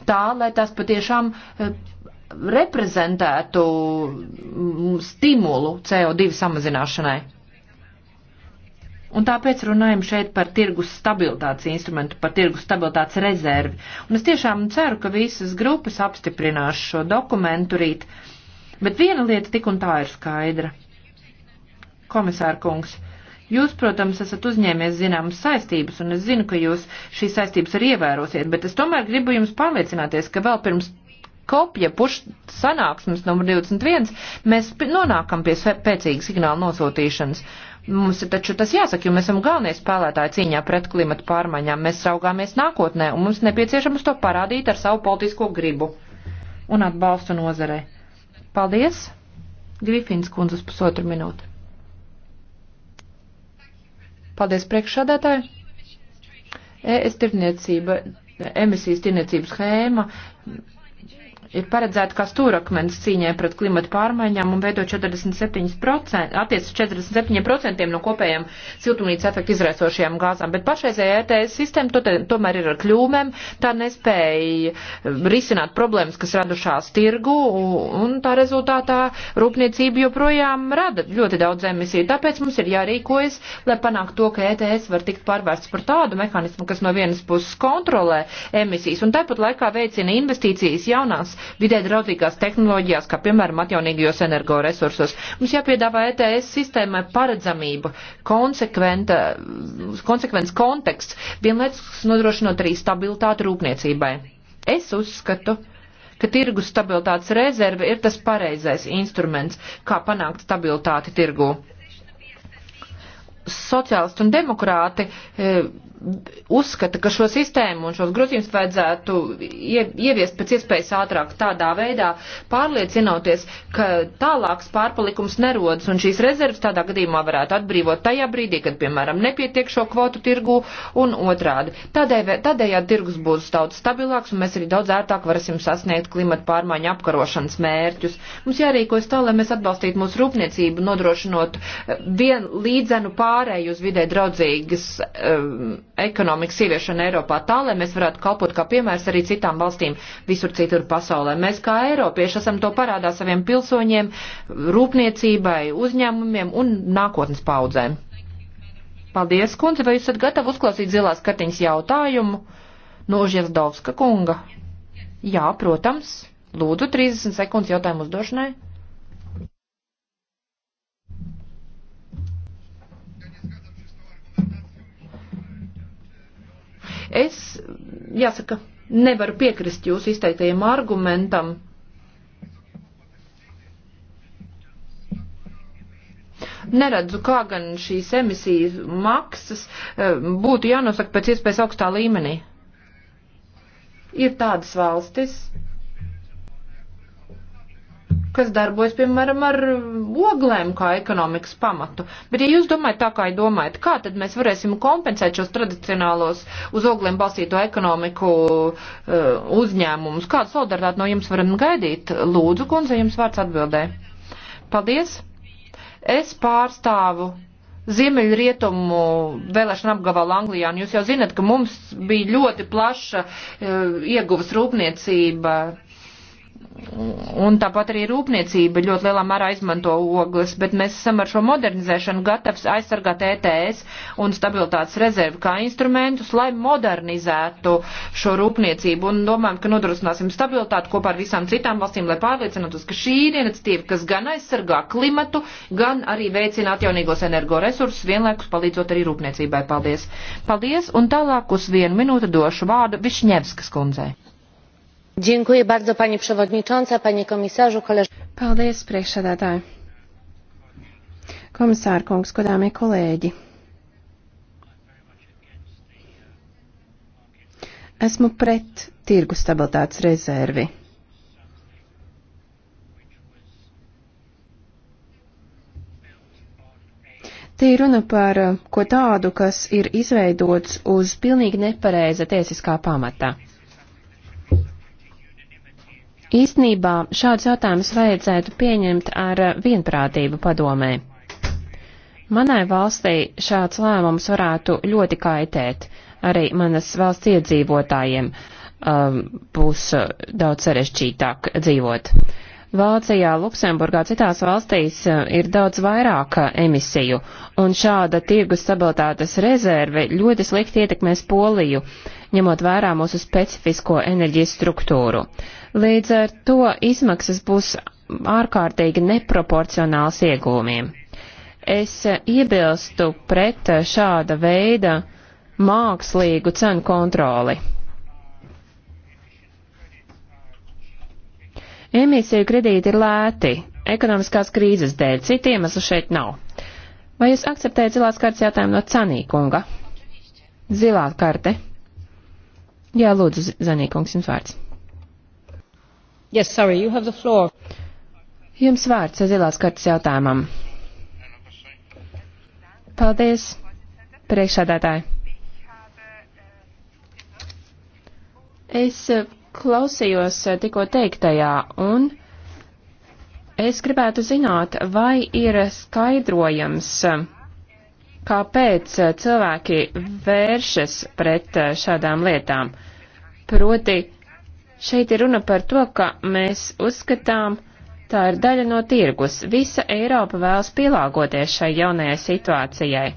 Speaker 3: Tā, lai tās patiešām eh, reprezentētu mm, stimulu CO2 samazināšanai. Un tāpēc runājam šeit par tirgus stabilitātes instrumentu, par tirgus stabilitātes rezervi. Un es tiešām ceru, ka visas grupas apstiprinās šo dokumentu rīt. Bet viena lieta tik un tā ir skaidra. Komisāra kungs, uh, Jūs, protams, esat uzņēmies zināmas saistības, un es zinu, ka jūs šīs saistības arī ievērosiet, bet es tomēr gribu jums pārliecināties, ka vēl pirms kopja puš sanāksmes numur 21 mēs nonākam pie pēcīga signāla nosūtīšanas. Mums ir taču tas jāsaka, jo mēs esam galvenie spēlētāji cīņā pret klimatu pārmaiņām. Mēs raugāmies nākotnē, un mums nepieciešams to parādīt ar savu politisko gribu un atbalstu nozarei. Paldies! Grifins kundzes pusotru minūti. Paldies priekšsādātāji. ES tirniecība, emisijas tirniecības schēma ir paredzēta kā stūrakmens cīņai pret klimatu pārmaiņām un veido 47%, attiec 47% no kopējiem siltumnīca efektu izraisošajām gāzām. Bet pašreizējā ETS sistēma to te, tomēr ir ar kļūmēm, tā nespēja um, risināt problēmas, kas radušās tirgu, un tā rezultātā rūpniecība joprojām rada ļoti daudz emisiju. Tāpēc mums ir jārīkojas, lai panāktu to, ka ETS var tikt pārvērsts par tādu mehānismu, kas no vienas puses kontrolē emisijas un tāpat laikā veicina investīcijas jaunās vidē draudzīgās tehnoloģijās, kā piemēram atjaunīgajos energoresursos. Mums jāpiedāvā ETS sistēmai paredzamība, konsekvents konteksts, vienlaikus nodrošinot arī stabilitāti rūpniecībai. Es uzskatu, ka tirgus stabilitātes rezerve ir tas pareizais instruments, kā panākt stabilitāti tirgu. Sociālisti un demokrāti e, uzskata, ka šo sistēmu un šos grozījumus vajadzētu ieviest pēc iespējas ātrāk tādā veidā, pārliecinoties, ka tālāks pārpalikums nerodas un šīs rezerves tādā gadījumā varētu atbrīvot tajā brīdī, kad, piemēram, nepietiek šo kvotu tirgu un otrādi. Tādēļ, tādējādi tirgus būs daudz stabilāks un mēs arī daudz ērtāk varasim sasniegt klimata pārmaiņu apkarošanas mērķus. Mums jārīkojas tā, lai mēs atbalstītu mūsu rūpniecību, nodrošinot vien līdzenu pārēju uz vidē draudzīgas um, ekonomikas ieviešanu Eiropā tā, lai mēs varētu kalpot kā piemērs arī citām valstīm visur citur pasaulē. Mēs kā Eiropieši esam to parādā saviem pilsoņiem, rūpniecībai, uzņēmumiem un nākotnes paudzēm. Paldies, kundze, vai jūs esat gatavi uzklausīt zilās kartiņas jautājumu no Žiesdovska kunga? Jā, protams. Lūdzu, 30 sekundes jautājumu uzdošanai. Es, jāsaka, nevaru piekrist jūsu izteiktajiem argumentam. Neredzu, kā gan šīs emisijas maksas eh, būtu jānosaka pēc iespējas augstā līmenī. Ir tādas valstis, kas darbojas, piemēram, ar um, oglēm kā ekonomikas pamatu. Bet, ja jūs domājat tā, kā jūs domājat, kā tad mēs varēsim kompensēt šos tradicionālos uz oglēm balstīto ekonomiku uh, uzņēmumus? Kādu solidaritāti no jums varam gaidīt? Lūdzu, kundze, jums vārds atbildē. Paldies! Es pārstāvu Ziemeļrietumu vēlēšana apgabalā Anglijā, un jūs jau zinat, ka mums bija ļoti plaša uh, ieguvas rūpniecība uh, un tāpat arī rūpniecība ļoti lielā mērā izmanto ogles, bet mēs esam ar šo modernizēšanu gatavs aizsargāt ETS un stabilitātes rezervi kā instrumentus, lai modernizētu šo rūpniecību un domājam, ka nodrošināsim stabilitāti kopā ar visām citām valstīm, lai pārliecinātos, ka šī ir iniciatīva, kas gan aizsargā klimatu, gan arī veicina atjaunīgos energoresursus, vienlaikus palīdzot arī rūpniecībai. Paldies! Paldies! Un tālāk uz vienu minūti došu vārdu Višņevskas kundzei.
Speaker 1: Dziękuję bardzo, pani przewodnicząca, pani komisāžu, kolēģi. Paldies, priekšsēdētāji. Komisārkungs, godāmie kolēģi. Esmu pret tirgu stabilitātes rezervi. Te ir runa par eh, ko tādu, kas ir izveidots uz pilnīgi nepareiza tiesiskā pamatā. Īsnībā šādus jautājumus vajadzētu pieņemt ar vienprātību padomē. Manai valstī šāds lēmums varētu ļoti kaitēt arī manas valsts iedzīvotājiem. Um, būs uh, daudz sarežģītāk dzīvot. Vācijā, Luksemburgā, citās valstīs uh, ir daudz vairāk uh, emisiju, un šāda tirgus stabilitātes rezerve ļoti slikti ietekmēs Poliju, ņemot vērā mūsu specifisko enerģijas struktūru. Uh, Līdz ar to izmaksas būs ārkārtīgi neproporcionāls iegūmiem. Es iebilstu pret šāda veida mākslīgu cenu kontroli. Emisiju kredīti ir lēti, ekonomiskās krīzes dēļ, citu iemeslu šeit nav. Vai jūs akceptējat zilās kartes jautājumu no Canīkunga? Zilā karte. Jā, lūdzu, Zanīkungs, jums vārds. Yes, sorry, you have the floor. Jums vārds zilās kartas jautājumam. Paldies, priekšādātāji. Es klausījos tikko teiktajā un es gribētu zināt, vai ir skaidrojams, kāpēc cilvēki vēršas pret šādām lietām. Proti, Šeit ir runa par to, ka mēs uzskatām, tā ir daļa no tirgus. Visa Eiropa vēlas pielāgoties šai jaunajai situācijai.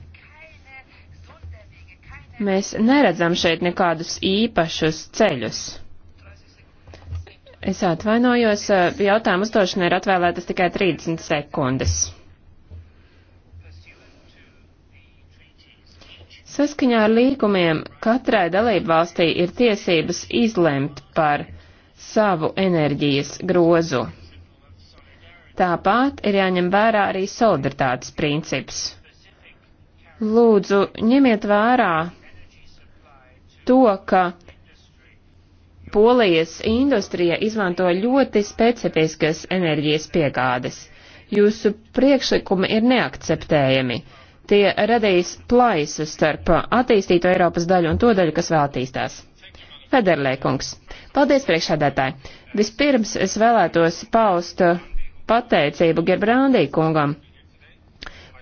Speaker 1: Mēs neredzam šeit nekādus īpašus ceļus. Es atvainojos, jautājumu uzdošanai ir atvēlētas tikai 30 sekundes. Saskaņā ar līgumiem katrai dalībvalstī ir tiesības izlemt par savu enerģijas grozu. Tāpat ir jāņem vērā arī solidaritātes princips. Lūdzu, ņemiet vērā to, ka Polijas industrija izmanto ļoti specifiskas enerģijas piegādes. Jūsu priekšlikumi ir neakceptējami. Tie radīs plaisu starp attīstīto Eiropas daļu un to daļu, kas vēl attīstās. Federlēkungs. Paldies, priekšādātāji! Vispirms es vēlētos paust uh, pateicību Gerbrandī kungam,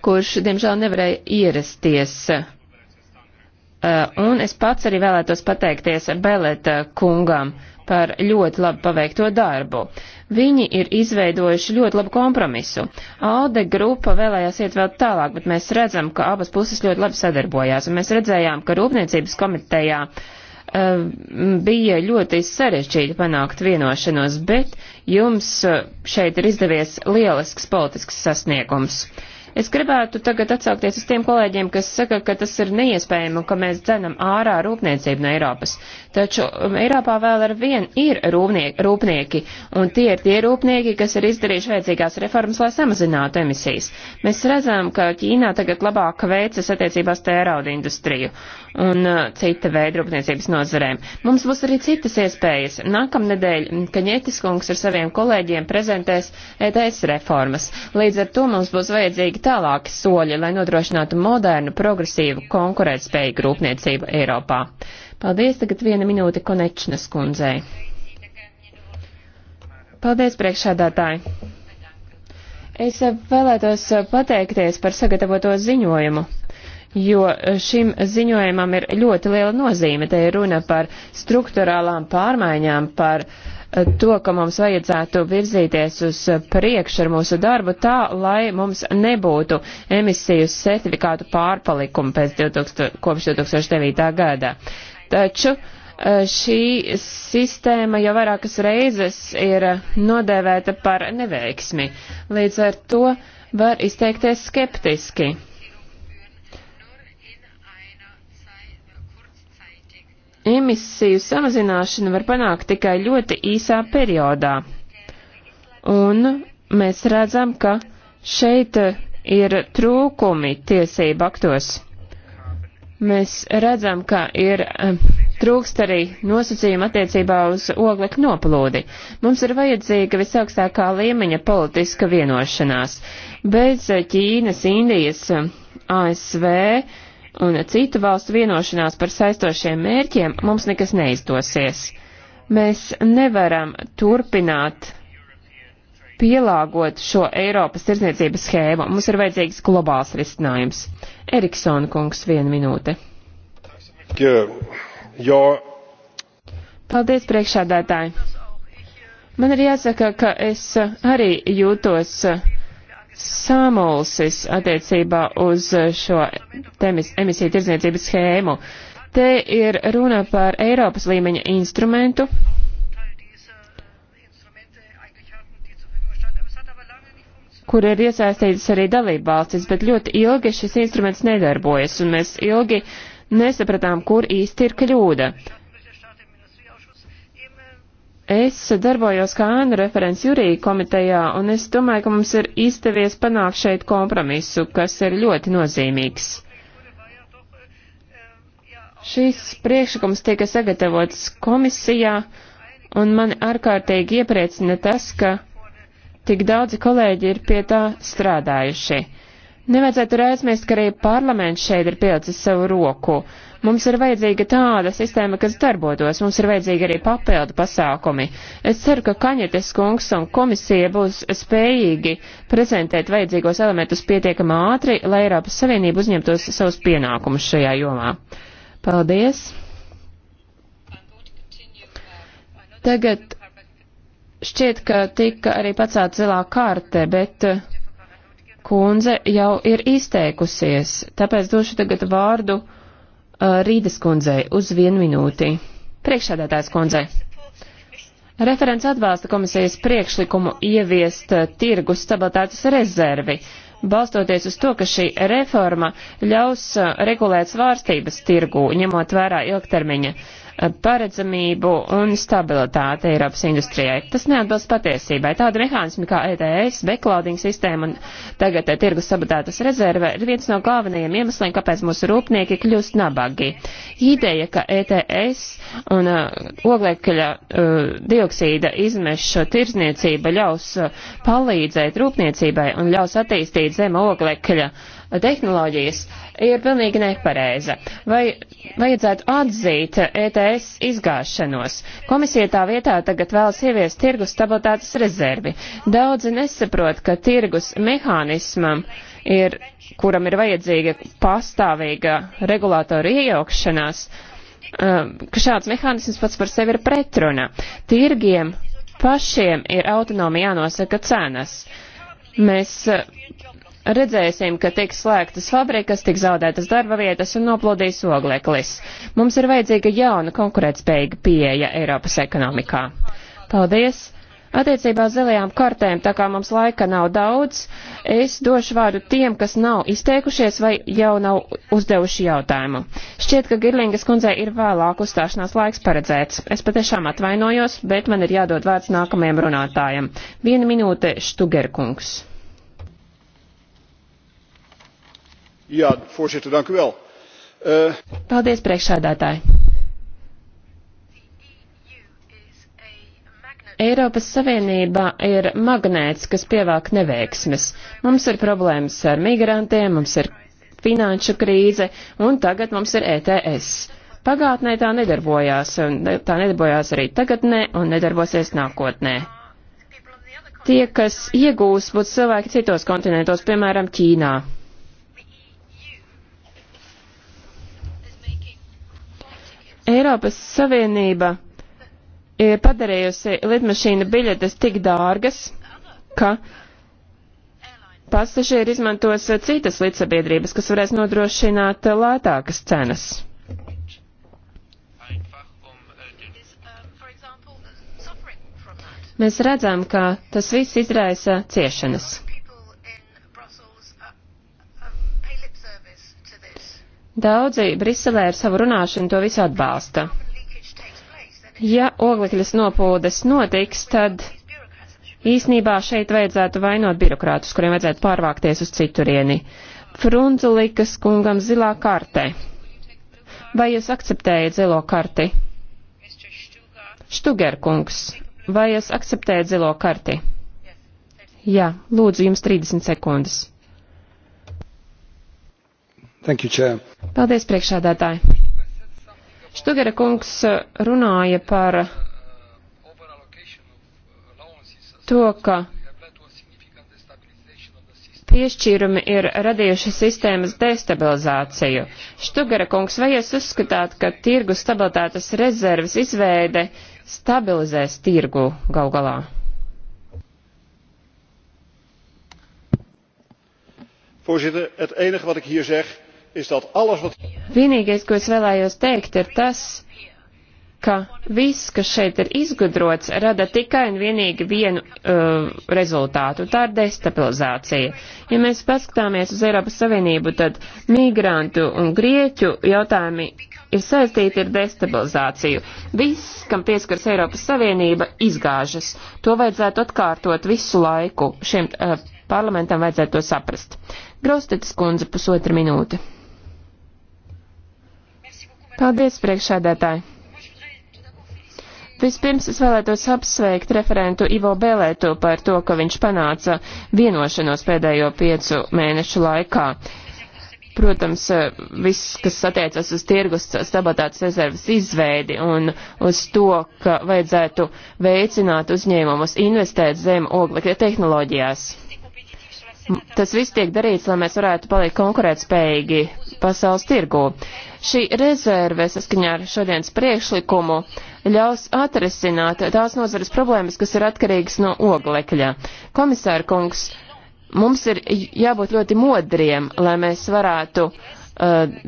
Speaker 1: kurš, diemžēl, nevarēja ierasties. Uh, un es pats arī vēlētos pateikties Beleta kungam par ļoti labi paveikto darbu. Viņi ir izveidojuši ļoti labu kompromisu. Alde grupa vēlējās iet vēl tālāk, bet mēs redzam, ka abas puses ļoti labi sadarbojās, un mēs redzējām, ka Rūpniecības komitejā uh, Eh, bija ļoti sarežģīti panākt vienošanos, bet jums eh, šeit ir izdevies lielisks politisks sasniegums. Es gribētu tagad atsaukties uz tiem kolēģiem, kas saka, ka tas ir neiespējami un ka mēs dzenam ārā rūpniecību no Eiropas. Taču um, Eiropā vēl ar vien ir rūpnieki, rūpnieki, un tie ir tie rūpnieki, kas ir izdarījuši vajadzīgās reformas, lai samazinātu emisijas. Mēs redzam, ka Ķīnā tagad labāk veicas attiecībās tērauda industriju un uh, cita veida rūpniecības nozarēm. Mums būs arī citas iespējas. Nākamnedēļ Kaņetis kungs ar saviem kolēģiem prezentēs ETS reformas. Līdz ar to mums būs vajadzīgi tālāki soļi, lai nodrošinātu modernu, progresīvu, konkurētspēju grūpniecību Eiropā. Paldies, tagad viena minūte Konečnas kundzei. Paldies, priekšādātāji. Es vēlētos pateikties par sagatavoto ziņojumu jo šim ziņojumam ir ļoti liela nozīme. Te ir runa par struktūrālām pārmaiņām, par uh, to, ka mums vajadzētu virzīties uz priekšu ar mūsu darbu tā, lai mums nebūtu emisiju certifikātu pārpalikumu pēc 2000, kopš 2009. gada. Taču e, šī sistēma jau vairākas reizes ir nodēvēta par neveiksmi, līdz ar to var izteikties skeptiski. emisiju samazināšanu var panākt tikai ļoti īsā periodā. Un mēs redzam, ka šeit ir trūkumi tiesību aktos. Mēs redzam, ka ir eh, trūkst arī nosacījuma attiecībā uz oglekļu noplūdi. Mums ir vajadzīga visaugstākā līmeņa politiska vienošanās. Bez Ķīnas, Indijas, ASV un citu valstu vienošanās par saistošiem mērķiem mums nekas neizdosies. Mēs nevaram turpināt pielāgot šo Eiropas tirdzniecības schēmu. Mums ir vajadzīgs globāls risinājums. Eriksona kungs, viena minūte.
Speaker 2: Jo.
Speaker 1: Paldies, priekšādātāji. Man ir jāsaka, ka es arī jūtos uh, samulsis attiecībā uz šo temis, emisiju tirdzniecības schēmu. Te ir runa par Eiropas līmeņa instrumentu. kur ir iesaistītas arī dalībvalstis, bet ļoti ilgi šis instruments nedarbojas, un mēs ilgi nesapratām, kur īsti ir kļūda. Es darbojos kā ēnu referents jurija komitejā, un es domāju, ka mums ir izdevies panākt šeit kompromisu, kas ir ļoti nozīmīgs. Šīs priekšlikums tika sagatavots komisijā, un mani ārkārtīgi iepriecina tas, ka tik daudzi kolēģi ir pie tā strādājuši. Nevajadzētu aizmirst, ka arī parlaments šeit ir pielicis savu roku. Uh, Mums ir vajadzīga tāda sistēma, kas darbotos, mums ir vajadzīgi arī papildu pasākumi. Es ceru, ka Kaņetes kungs un komisija būs spējīgi prezentēt vajadzīgos elementus pietiekami ātri, lai Eiropas Savienība uzņemtos savus pienākumus šajā jomā. Paldies! Tagad šķiet, ka tika arī pacēta zilā kārte, bet eh, kundze jau ir izteikusies, tāpēc došu tagad vārdu Uh, Rīdas kundzei uz vienu minūti. Priekšsēdētājs kundzei. Referents atbalsta komisijas priekšlikumu ieviest uh, tirgus stabilitātes rezervi, balstoties uz to, ka šī reforma ļaus uh, regulēt svārstības tirgū, ņemot vērā ilgtermiņa uh, paredzamību un stabilitāti Eiropas industrijai. Tas neatbilst patiesībai. Tāda mehānismi kā ETS, backloading sistēma un tagad eh, tirgus sabotētas rezerve ir viens no galvenajiem iemesliem, kāpēc mūsu rūpnieki kļūst nabagi. Ideja, ka ETS un uh, oglekļa uh, dioksīda izmešu tirzniecība ļaus palīdzēt rūpniecībai un ļaus attīstīt zema oglekļa uh, tehnoloģijas ir pilnīgi nepareiza. Vai vajadzētu atzīt ETS izgāšanos? Komisija tā vietā tagad vēlas ieviest tirgus stabilitātes rezervi. Daudzi nesaprot, ka tirgus mehānismam ir, kuram ir vajadzīga pastāvīga regulātora iejaukšanās, um, ka šāds mehānisms pats par sevi ir pretruna. Tirgiem pašiem ir autonomi jānosaka cenas. Mēs redzēsim, ka tiks slēgtas fabrikas, tiks zaudētas darba vietas un noplūdīs ogleklis. Mums ir vajadzīga jauna konkurētspējīga pieeja Eiropas ekonomikā. Paldies! Attiecībā uz zilajām kartēm, tā kā mums laika nav daudz, es došu vārdu tiem, kas nav izteikušies vai jau nav uzdevuši jautājumu. Šķiet, ka Girlingas kundzei ir vēlāk uzstāšanās laiks paredzēts. Es patiešām atvainojos, bet man ir jādod vārds nākamajam runātājam. Viena minūte, Štugerkungs.
Speaker 4: Jā, foršitu, danku vēl. Uh... Eh,
Speaker 1: Paldies, priekšsādātāji. Eiropas Savienība ir magnēts, kas pievāk neveiksmes. Mums ir problēmas ar migrantiem, mums ir finanšu krīze, un tagad mums ir ETS. Pagātnē tā nedarbojās, un tā nedarbojās arī tagadnē, un nedarbosies nākotnē. Tie, kas iegūs, būs cilvēki citos kontinentos, piemēram, Ķīnā. Eiropas Savienība ir padarījusi lidmašīna biļetes tik dārgas, ka pasažieri izmantos citas līdzsabiedrības, kas varēs nodrošināt lētākas cenas. Mēs redzam, ka tas viss izraisa ciešanas. Daudzi Briselē ar savu runāšanu to visu atbalsta. Ja oglekļas nopūdes notiks, tad īsnībā šeit vajadzētu vainot birokrātus, kuriem vajadzētu pārvākties uz citurieni. Frunzulikas kungam zilā kartē. Vai jūs akceptējat zilo karti? Štuger kungs, vai jūs akceptējat zilo karti? Jā, lūdzu, jums 30 sekundes. Thank you, Chair. Paldies, priekšādātāji. Štugera kungs uh, runāja par to, ka piešķīrumi ir radījuši sistēmas destabilizāciju. Štugara kungs, vai jūs uzskatāt, ka tirgu stabilitātes rezerves izveide stabilizēs tirgu gal galā?
Speaker 4: Voorzitter, het enige wat ik hier zeg Vienīgais,
Speaker 1: ko es vēlējos teikt, ir tas, ka viss, kas šeit ir izgudrots, rada tikai un vienīgi vienu uh, rezultātu, tā ir destabilizācija. Ja mēs paskatāmies uz Eiropas Savienību, tad migrantu un grieķu jautājumi ir saistīti ar destabilizāciju. Viss, kam pieskaras Eiropas Savienība, izgāžas. To vajadzētu atkārtot visu laiku. Šiem uh, parlamentam vajadzētu to saprast. Graustetis kundze, pusotra minūte. Paldies, priekšādētāji! Vispirms es vēlētos apsveikt referentu Ivo Belētu par to, ka viņš panāca vienošanos pēdējo piecu mēnešu laikā. Protams, viss, kas attiecas uz tirgus stabilitātes rezervas izveidi un uz to, ka vajadzētu veicināt uzņēmumus investēt zem oglekļa tehnoloģijās. Tas viss tiek darīts, lai mēs varētu palikt konkurētspējīgi pasaules tirgū. Šī rezerve, saskaņā ar šodienas priekšlikumu, ļaus atrisināt tās nozares problēmas, kas ir atkarīgas no oglekļa. Komisāra kungs, mums ir jābūt ļoti modriem, lai mēs varētu uh,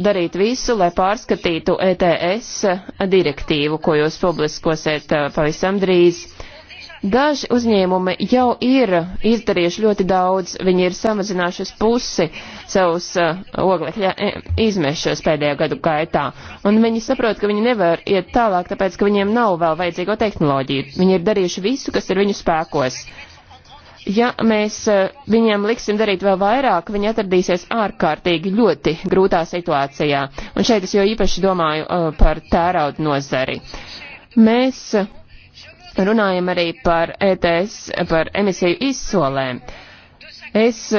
Speaker 1: darīt visu, lai pārskatītu ETS direktīvu, ko jūs publiskosiet uh, pavisam drīz. Daži uzņēmumi jau ir izdarījuši ļoti daudz, viņi ir samazinājuši pusi savus uh, oglekļa e, izmešus pēdējo gadu gaitā, un viņi saprot, ka viņi nevar iet tālāk, tāpēc, ka viņiem nav vēl vajadzīgo tehnoloģiju. Viņi ir darījuši visu, kas ir viņu spēkos. Ja mēs uh, viņiem liksim darīt vēl vairāk, viņi atradīsies ārkārtīgi ļoti grūtā situācijā, un šeit es jau īpaši domāju uh, par tērauda nozari. Mēs uh, runājam arī par ETS, par emisiju izsolēm. Es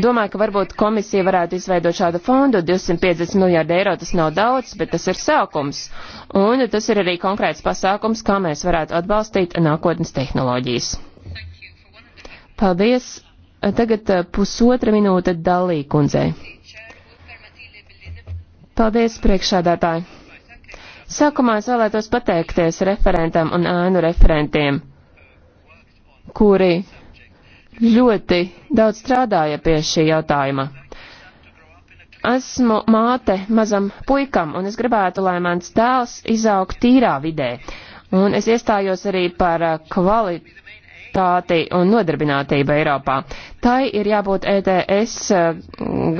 Speaker 1: domāju, ka varbūt komisija varētu izveidot šādu fondu. 250 miljārdi eiro tas nav daudz, bet tas ir sākums. Un tas ir arī konkrēts pasākums, kā mēs varētu atbalstīt nākotnes tehnoloģijas. Paldies! Tagad eh, pusotra minūte dalī kundzei. Paldies, priekšādātāji! Sākumā es vēlētos pateikties referentam un ēnu referentiem, kuri ļoti daudz strādāja pie šī jautājuma. Esmu māte mazam puikam, un es gribētu, lai mans tēls izaug tīrā vidē. Un es iestājos arī par kvalitāti un nodarbinātību Eiropā. Tai ir jābūt ETS eh,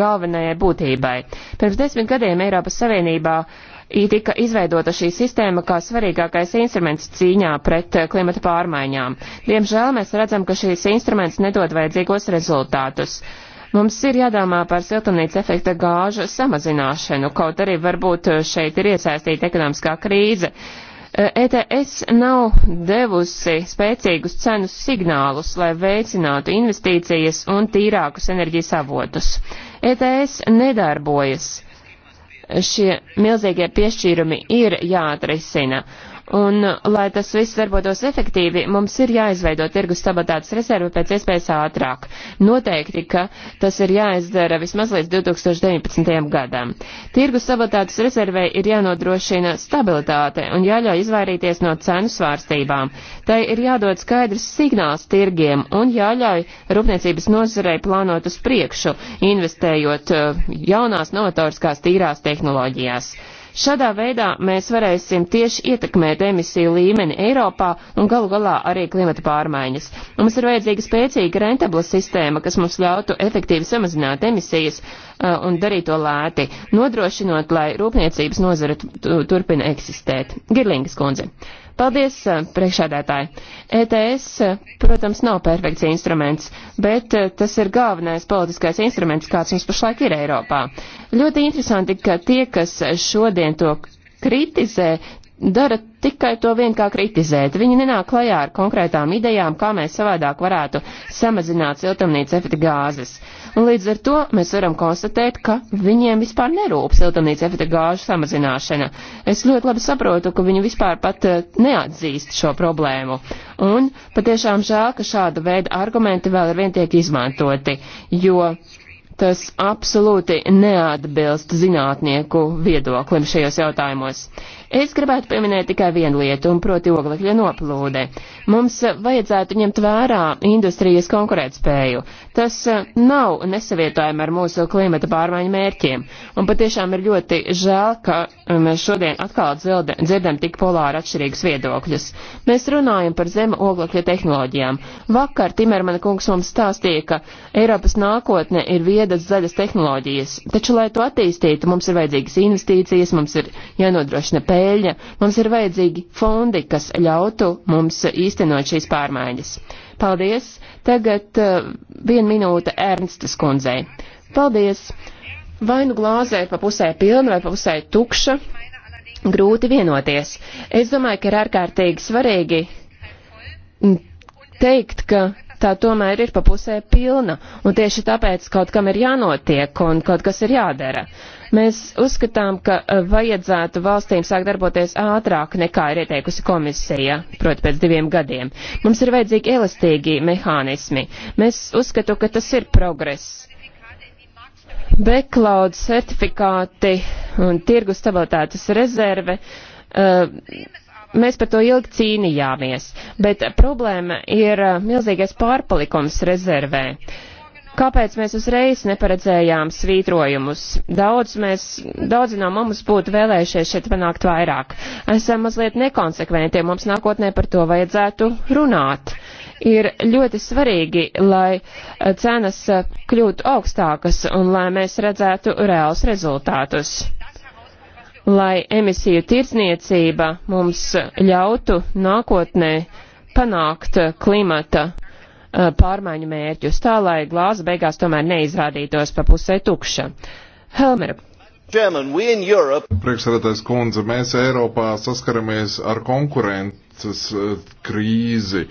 Speaker 1: galvenajai būtībai. Pirms desmit gadiem Eiropas Savienībā uh, tika izveidota šī sistēma kā svarīgākais instruments cīņā pret eh, klimata pārmaiņām. Diemžēl mēs redzam, ka šīs instruments nedod vajadzīgos rezultātus. Mums ir jādomā par siltumnīca efekta gāžu samazināšanu, kaut arī varbūt eh, šeit ir iesaistīta ekonomiskā krīze. ETS eh, e nav devusi spēcīgus cenu signālus, lai veicinātu investīcijas un tīrākus enerģijas avotus. ETS nedarbojas Šie milzīgie piešķīrumi ir jāatrisina. Un, lai tas viss darbotos efektīvi, mums ir jāizveido tirgus stabilitātes rezerve pēc iespējas ātrāk. Noteikti, ka tas ir jāizdara vismaz līdz 2019. gadam. Tirgus stabilitātes rezervei ir jānodrošina stabilitāte un jāļauj izvairīties no cenu svārstībām. Tai ir jādod skaidrs signāls tirgiem un jāļauj rūpniecības nozarei plānot uz priekšu, investējot eh, jaunās novatoriskās tīrās tehnoloģijās. Šādā veidā mēs varēsim tieši ietekmēt emisiju līmeni Eiropā un galu galā arī klimata pārmaiņas. Un mums ir vajadzīga spēcīga rentabla sistēma, kas mums ļautu efektīvi samazināt emisijas uh, un darīt to lēti, nodrošinot, lai rūpniecības nozara turpina eksistēt. Girlingas kundze. Paldies, eh, priekšādētāji. ETS, eh, protams, nav perfekts instruments, bet eh, tas ir galvenais politiskais instruments, kāds mums pašlaik ir Eiropā. Ļoti interesanti, ka tie, kas šodien to kritizē, dara tikai to vien kā kritizēt. Viņi nenāk klajā ar konkrētām idejām, kā mēs savādāk varētu samazināt siltumnīca efekta gāzes. Un līdz ar to mēs varam konstatēt, ka viņiem vispār nerūp siltumnīca efekta gāžu samazināšana. Es ļoti labi saprotu, ka viņi vispār pat eh, neatzīst šo problēmu. Un patiešām žēl, ka šāda veida argumenti vēl ar vien tiek izmantoti, jo tas absolūti neatbilst zinātnieku viedoklim šajos jautājumos. Es gribētu pieminēt tikai vienu lietu, un proti oglekļa noplūde. Mums vajadzētu ņemt vērā industrijas konkurētspēju. Tas eh, nav nesavietojami ar mūsu klimata pārmaiņu mērķiem, un patiešām ir ļoti žēl, ka eh, mēs šodien atkal dzirdam tik polāri atšķirīgus viedokļus. Mēs runājam par zema oglekļa tehnoloģijām. Vakar Timermana kungs mums stāstīja, ka Eiropas nākotne ir viedas zaļas tehnoloģijas, taču, lai to attīstītu, mums ir vajadzīgas investīcijas, mums ir jānodrošina pētījumi, pēļņa, mums ir vajadzīgi fondi, kas ļautu mums īstenot šīs pārmaiņas. Paldies! Tagad uh, viena minūte Ernstas kundzei. Paldies! Vai nu glāzē pa pusē pilna vai pa pusē tukša, grūti vienoties. Es domāju, ka ir ārkārtīgi svarīgi teikt, ka tā tomēr ir pa pusē pilna, un tieši tāpēc kaut kam ir jānotiek un kaut kas ir jādara. Uh, Mēs uzskatām, ka e, vajadzētu valstīm sākt darboties ātrāk nekā ir ieteikusi komisija, proti pēc diviem gadiem. Mums ir vajadzīgi elastīgi mehānismi. Mēs uzskatu, ka tas ir progress. Backlog certifikāti un tirgu stabilitātes rezerve. Uh, mēs par to ilgi cīnījāmies, bet problēma ir e, milzīgais pārpalikums rezervē. Uh, Kāpēc mēs uzreiz neparedzējām svītrojumus? Daudz mēs, daudzi no mums būtu vēlējušies šeit panākt vairāk. Esam mazliet nekonsekventi, ja mums nākotnē par to vajadzētu runāt. Ir ļoti svarīgi, lai eh, cenas eh, kļūtu augstākas un lai mēs redzētu reāls rezultātus lai emisiju tirdzniecība mums ļautu nākotnē panākt eh, klimata Uh, pārmaiņu mērķus, tā lai glāze beigās tomēr neizrādītos pa pusē tukša. Helmer.
Speaker 2: Priekšsēdētājs kundze, mēs Eiropā saskaramies ar konkurences uh, krīzi,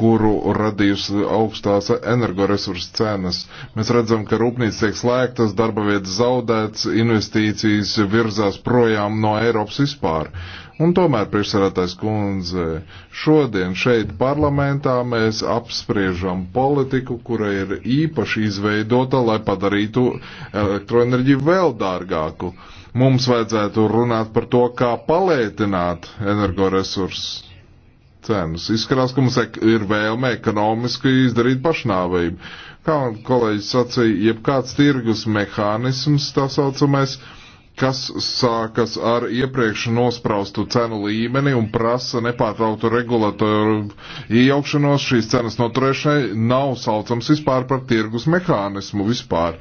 Speaker 2: kuru radījusi augstās energoresursu cenas. Mēs redzam, ka rūpnīcas tiek slēgtas, darba vietas zaudētas, investīcijas virzās projām no Eiropas vispār. Uh, Un tomēr, priekšsarātais kundze, šodien šeit parlamentā mēs apspriežam politiku, kura ir īpaši izveidota, lai padarītu elektroenerģiju vēl dārgāku. Mums vajadzētu runāt par to, kā palētināt energoresursu cenas. Izskatās, ka mums ir vēlme ekonomiski izdarīt pašnāvību. Kā kolēģis sacīja, jebkāds tirgus mehānisms, tā saucamais, uh, kas sākas ar iepriekš nospraustu cenu līmeni un prasa nepārtrauktu regulatoru iejaukšanos šīs cenas noturēšanai, nav saucams vispār par tirgus mehānismu vispār,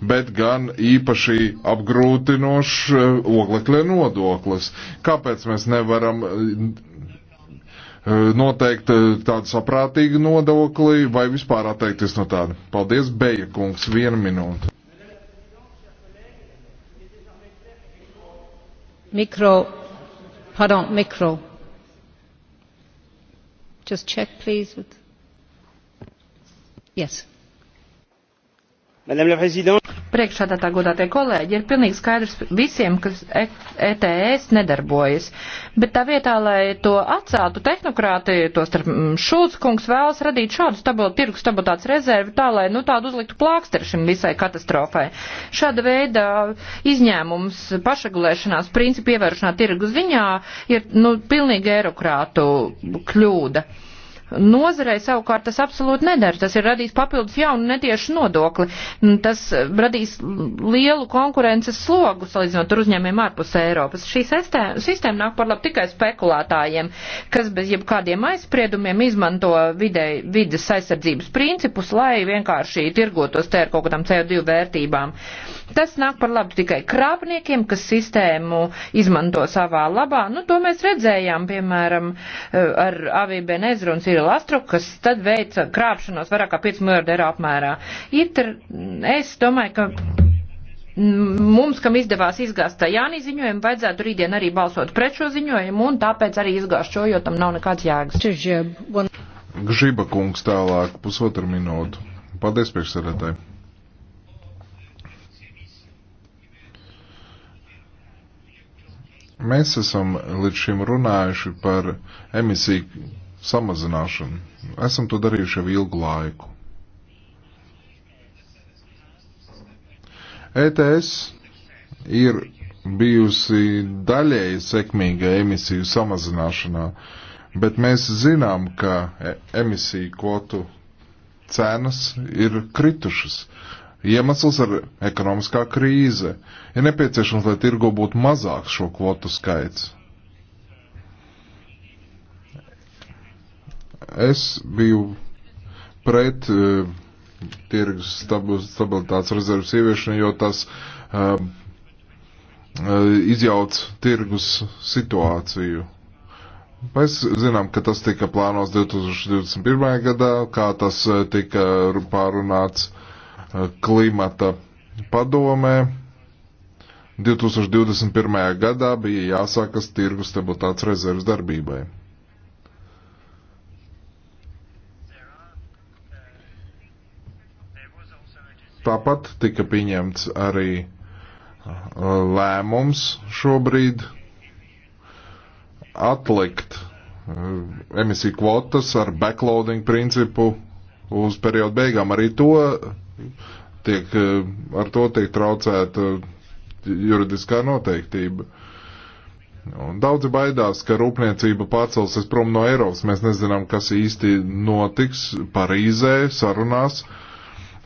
Speaker 2: bet gan īpaši apgrūtinošs eh, oglekļa nodoklis. Kāpēc mēs nevaram eh, noteikt eh, tādu saprātīgu nodokli vai vispār atteikties no tāda? Paldies, Beja kungs, viena minūte.
Speaker 3: Micro, pardon, micro. Just check, please. With
Speaker 2: yes. Priekšādātā
Speaker 3: godātie kolēģi, ir pilnīgi skaidrs visiem, ka ETS nedarbojas. Bet tā vietā, lai to atceltu tehnokrāti, to starp mm, Šulc kungs vēlas radīt šādu stabilu tirgu stabilitātes rezervi, tā lai nu tādu uzliktu plāksteri šim visai katastrofai. Šāda veida izņēmums pašagulēšanās principu ievēršanā tirgus ziņā ir nu, pilnīgi eirokrātu kļūda. Nozarei savukārt tas absolūti nedara. Tas ir radījis papildus jaunu netiešu nodokli. Tas eh, radīs lielu konkurences slogu salīdzinot ar uzņēmiem ārpus Eiropas. Šī sistēma, sistēma nāk par labu tikai spekulātājiem, kas bez jebkādiem aizspriedumiem izmanto videi, vides aizsardzības principus, lai vienkārši tirgotos te ar kaut kādām CO2 vērtībām. Tas nāk par labu tikai krāpniekiem, kas sistēmu izmanto savā labā. Nu, to mēs redzējām, piemēram, eh, ar avību Benezru un Sīru Kirila Astru, kas tad veica krāpšanos vairāk kā 5 miljardu eiro apmērā. Itr, es domāju, ka mums, kam izdevās izgāzt Jāni ziņojumu, vajadzētu rītdien arī balsot pret šo ziņojumu un tāpēc arī izgāzt šo, jo tam nav nekāds jēgas.
Speaker 2: Gžiba kungs tālāk, pusotru minūtu. Paldies, priekšsēdētāji. Mēs esam līdz šim runājuši par emisiju samazināšanu. Esam to darījuši jau ilgu laiku. ETS ir bijusi daļēji sekmīga emisiju samazināšanā, bet mēs zinām, ka emisiju kvotu cenas ir kritušas. Iemesls ir ekonomiskā krīze. Ir nepieciešams, lai tirgo būtu mazāks šo kvotu skaits. Es biju pret uh, tirgus stabilitātes rezervas ieviešanu, jo tas uh, izjauc tirgus situāciju. Mēs zinām, ka tas tika plānots 2021. gadā, kā tas tika pārunāts klimata padomē. 2021. gadā bija jāsākas tirgus stabilitātes rezerves darbībai. Tāpat tika pieņemts arī uh, lēmums šobrīd atlikt uh, emisiju kvotas ar backloading principu uz periodu beigām. Arī to tiek, uh, ar to tiek traucēta juridiskā noteiktība. Un daudzi baidās, ka rūpniecība pārcelsies prom no Eiropas. Mēs nezinām, kas īsti notiks Parīzē sarunās. Uh,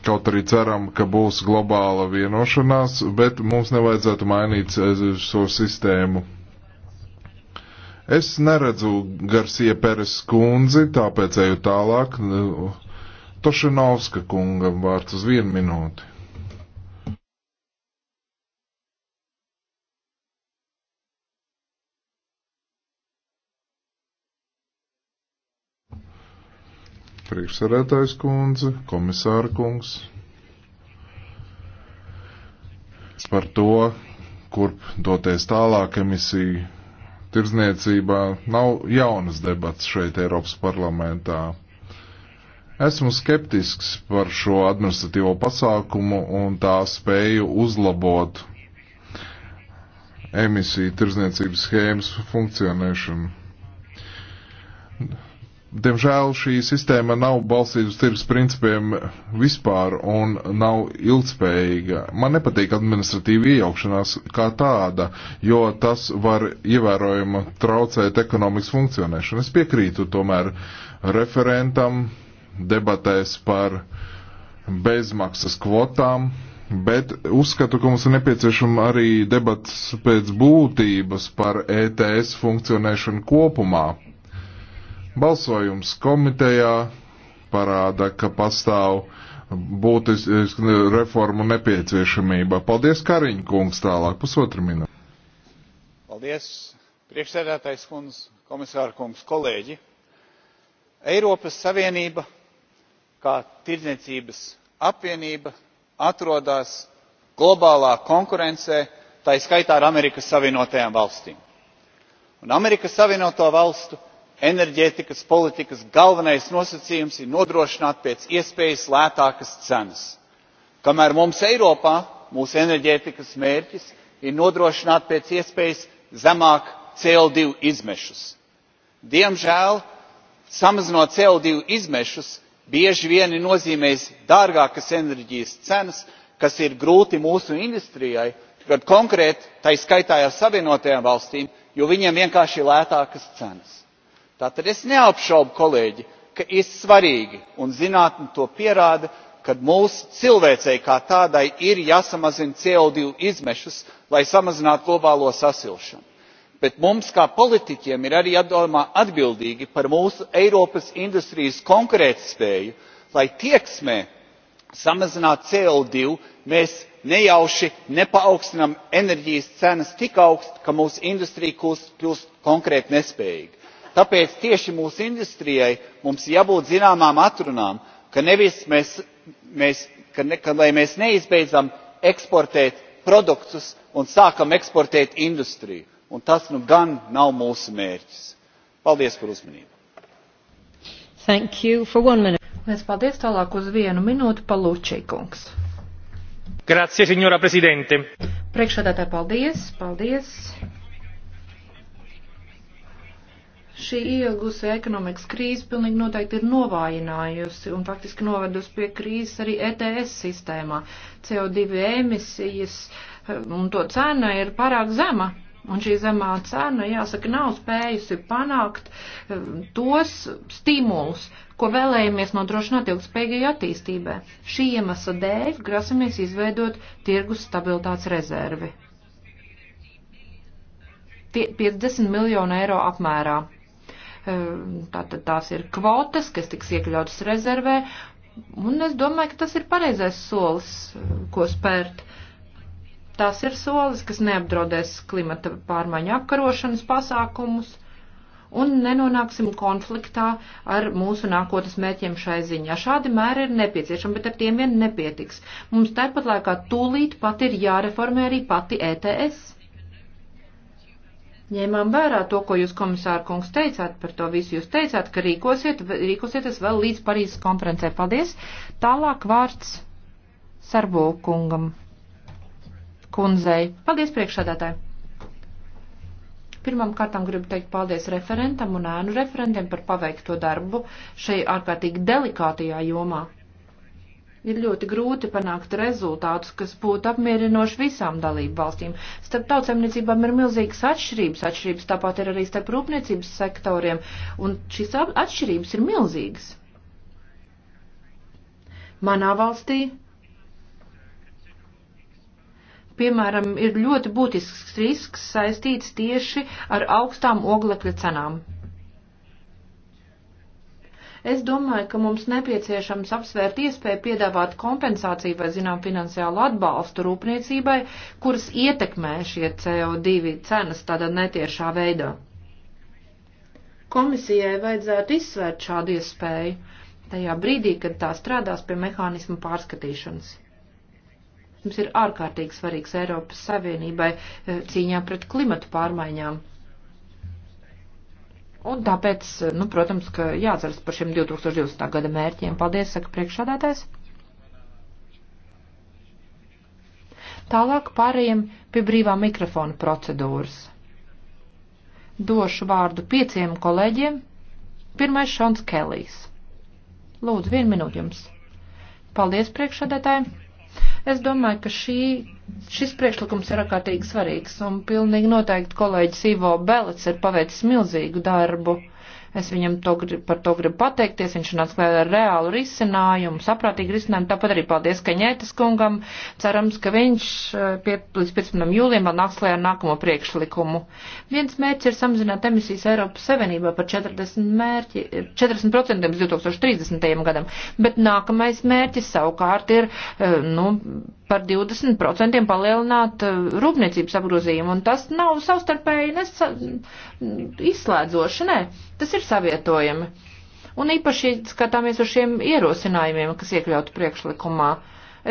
Speaker 2: Kaut arī ceram, ka būs globāla vienošanās, bet mums nevajadzētu mainīt eh, šo sistēmu. Es neredzu Garcia Peres kundzi, tāpēc eju tālāk. Tošinovska kungam vārds uz vienu minūti. Priekšsarētājs kundze, komisāra kungs par to, kurp doties tālāk emisiju tirdzniecībā, nav jaunas debats šeit Eiropas parlamentā. Esmu skeptisks par šo administratīvo pasākumu un tā spēju uzlabot emisiju tirdzniecības schēmas funkcionēšanu Diemžēl šī sistēma nav balstīta uz tirgus principiem vispār un nav ilgspējīga. Man nepatīk administratīva iejaukšanās kā tāda, jo tas var ievērojama traucēt ekonomikas funkcionēšanu. Es piekrītu tomēr referentam debatēs par bezmaksas kvotām, bet uzskatu, ka mums ir nepieciešama arī debats pēc būtības par ETS funkcionēšanu kopumā Balsojums komitejā parāda, ka pastāv būtiski reformu nepieciešamība. Paldies, Kariņa kungs, tālāk pusotra minūte.
Speaker 4: Paldies, priekšsēdētājs kundz, komisāra kungs, kolēģi. Eiropas Savienība kā tirdzniecības apvienība atrodas globālā konkurencē, tā ir skaitā ar Amerikas Savienotajām valstīm. Un Amerikas Savienoto valstu enerģētikas politikas galvenais nosacījums ir nodrošināt pēc iespējas lētākas cenas kamēr mums eiropā mūsu enerģētikas mērķis ir nodrošināt pēc iespējas zemākus co two izmešus. diemžēl samazinot co two izmešus bieži vien nozīmēs dārgākas enerģijas cenas kas ir grūti mūsu industrijai gan konkrēti tai skaitā jau savienotajām valstīm jo viņiem vienkārši ir lētākas cenas tātad es neapšaubu kolēģi ka ir svarīgi un zinātne to pierāda ka mūsu cilvēcei kā tādai ir jāsamazina co divu izmešas lai samazinātu globālo sasilšanu bet mums kā politiķiem ir arī jādomā atbildīgi par mūsu eiropas industrijas konkurētspēju lai tieksmē samazināt co divu mēs nejauši nepaaugstinām enerģijas cenas tik augstu ka mūsu industrija kļūst konkrētnespējīga tāpēc tieši mūsu industrijai mums jābūt zināmām atrunām ka nevis mēs, mēs ka, ne, ka, lai mēs neizbeidzam eksportēt produktus un sākam eksportēt industriju un tas nu gan nav mūsu mērķis. Paldies par uzmanību.
Speaker 3: Thank you for one minute. Mēs paldies tālāk uz vienu minūtu palučīkungs. Grazie, signora presidente. Priekšsēdētāji, paldies, paldies. Šī ieilgusi ekonomikas krīze pilnīgi noteikti ir novājinājusi un faktiski novedusi pie krīzes arī ETS sistēmā. CO2 emisijas eh, un to cena ir pārāk zema. Un šī zemā cena, jāsaka, nav spējusi panākt eh, tos stimulus, ko vēlējamies nodrošināt ilgspējīgai attīstībai. Šī iemesla dēļ grasamies izveidot tirgus stabilitātes rezervi. Tie 50 miljonu eiro apmērā. Ehm, tātad tās ir kvotas, kas tiks iekļautas rezervē. Un es domāju, ka tas ir pareizais solis, eh, ko spērt. Tās ir solis, kas neapdraudēs klimata pārmaiņu apkarošanas pasākumus un nenonāksim konfliktā ar mūsu nākotnes mērķiem šai ziņā. Šādi mēri ir nepieciešami, bet ar tiem vien nepietiks. Mums tāpat laikā tūlīt pat ir jāreformē arī pati ETS ņēmām vērā to, ko jūs, komisāra kungs, teicāt par to visu. Jūs teicāt, ka rīkosiet, rīkosieties vēl līdz Parīzes konferencē. Paldies. Tālāk vārds Sarbo kungam. Kundzei. Paldies priekšādātāji. Pirmam kārtām gribu teikt paldies referentam un ēnu referentiem par paveikto darbu šai ārkārtīgi delikātajā jomā ir ļoti grūti panākt rezultātus, kas būtu apmierinoši visām dalību valstīm. Starp tautsēmniecībām ir milzīgas atšķirības, atšķirības tāpat ir arī starp rūpniecības sektoriem, un šīs atšķirības ir milzīgas. Manā valstī, piemēram, ir ļoti būtisks risks saistīts tieši ar augstām oglekļa cenām. Es domāju, ka mums nepieciešams apsvērt iespēju piedāvāt kompensāciju vai, zinām, finansiālu atbalstu rūpniecībai, kuras ietekmē šie CO2 cenas tādā netiešā veidā. Komisijai vajadzētu izsvērt šādu iespēju tajā brīdī, kad tā strādās pie mehānismu pārskatīšanas. Mums ir ārkārtīgi svarīgs Eiropas Savienībai eh, cīņā pret klimatu pārmaiņām Un tāpēc, nu, protams, ka jāatceras par šiem 2020. gada mērķiem. Paldies, saka priekšādātājs. Tālāk pārējiem pie brīvā mikrofona procedūras. Došu vārdu pieciem kolēģiem. Pirmais Šons Kelijs. Lūdzu, vienu minūti jums. Paldies, priekšādātājiem. Es domāju, ka šī, šis priekšlikums ir ārkārtīgi svarīgs, un pilnīgi noteikti kolēģis Ivo Belets ir paveicis milzīgu darbu Es viņam to, par to gribu pateikties, viņš nāca klāt ar reālu risinājumu, saprātīgu risinājumu, tāpat arī paldies Kaņētas kungam. Cerams, ka viņš eh, pie, līdz 15. jūlijam vēl nāks klāt ar nākamo priekšlikumu. Viens mērķis ir samazināt emisijas Eiropas Savienībā par 40%, mērķi, 40 līdz 2030. gadam, bet nākamais mērķis savukārt ir, eh, nu, par 20% palielināt eh, rūpniecības apgrozījumu, un tas nav savstarpēji nesa, izslēdzoši, nē. Ne Tas ir savietojami. Un īpaši skatāmies uz šiem ierosinājumiem, kas iekļauti priekšlikumā.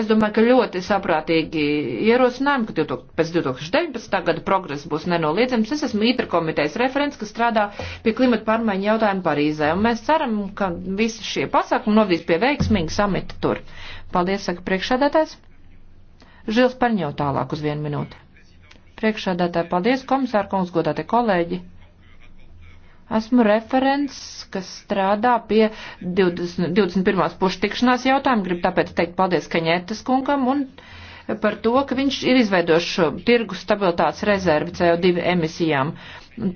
Speaker 3: Es domāju, ka ļoti saprātīgi ierosinājumi, ka 2000, pēc 2019. gada progress būs nenoliedzams. Es esmu ITR komitejas referents, kas strādā pie klimata pārmaiņu jautājumu Parīzē, un mēs ceram, ka visi šie pasākumi novīs pie veiksmīga samita tur. Paldies, saka priekšādātājs. Žils Parņo tālāk uz vienu minūti. Priekšādātāji, paldies, komisāra kungs, godātie kolēģi. Esmu referents, kas strādā pie 20, 21. pušu tikšanās jautājumu. Gribu tāpēc teikt paldies Kaņētas kungam un par to, ka viņš ir izveidojis šo tirgu stabilitātes rezervi CO2 emisijām.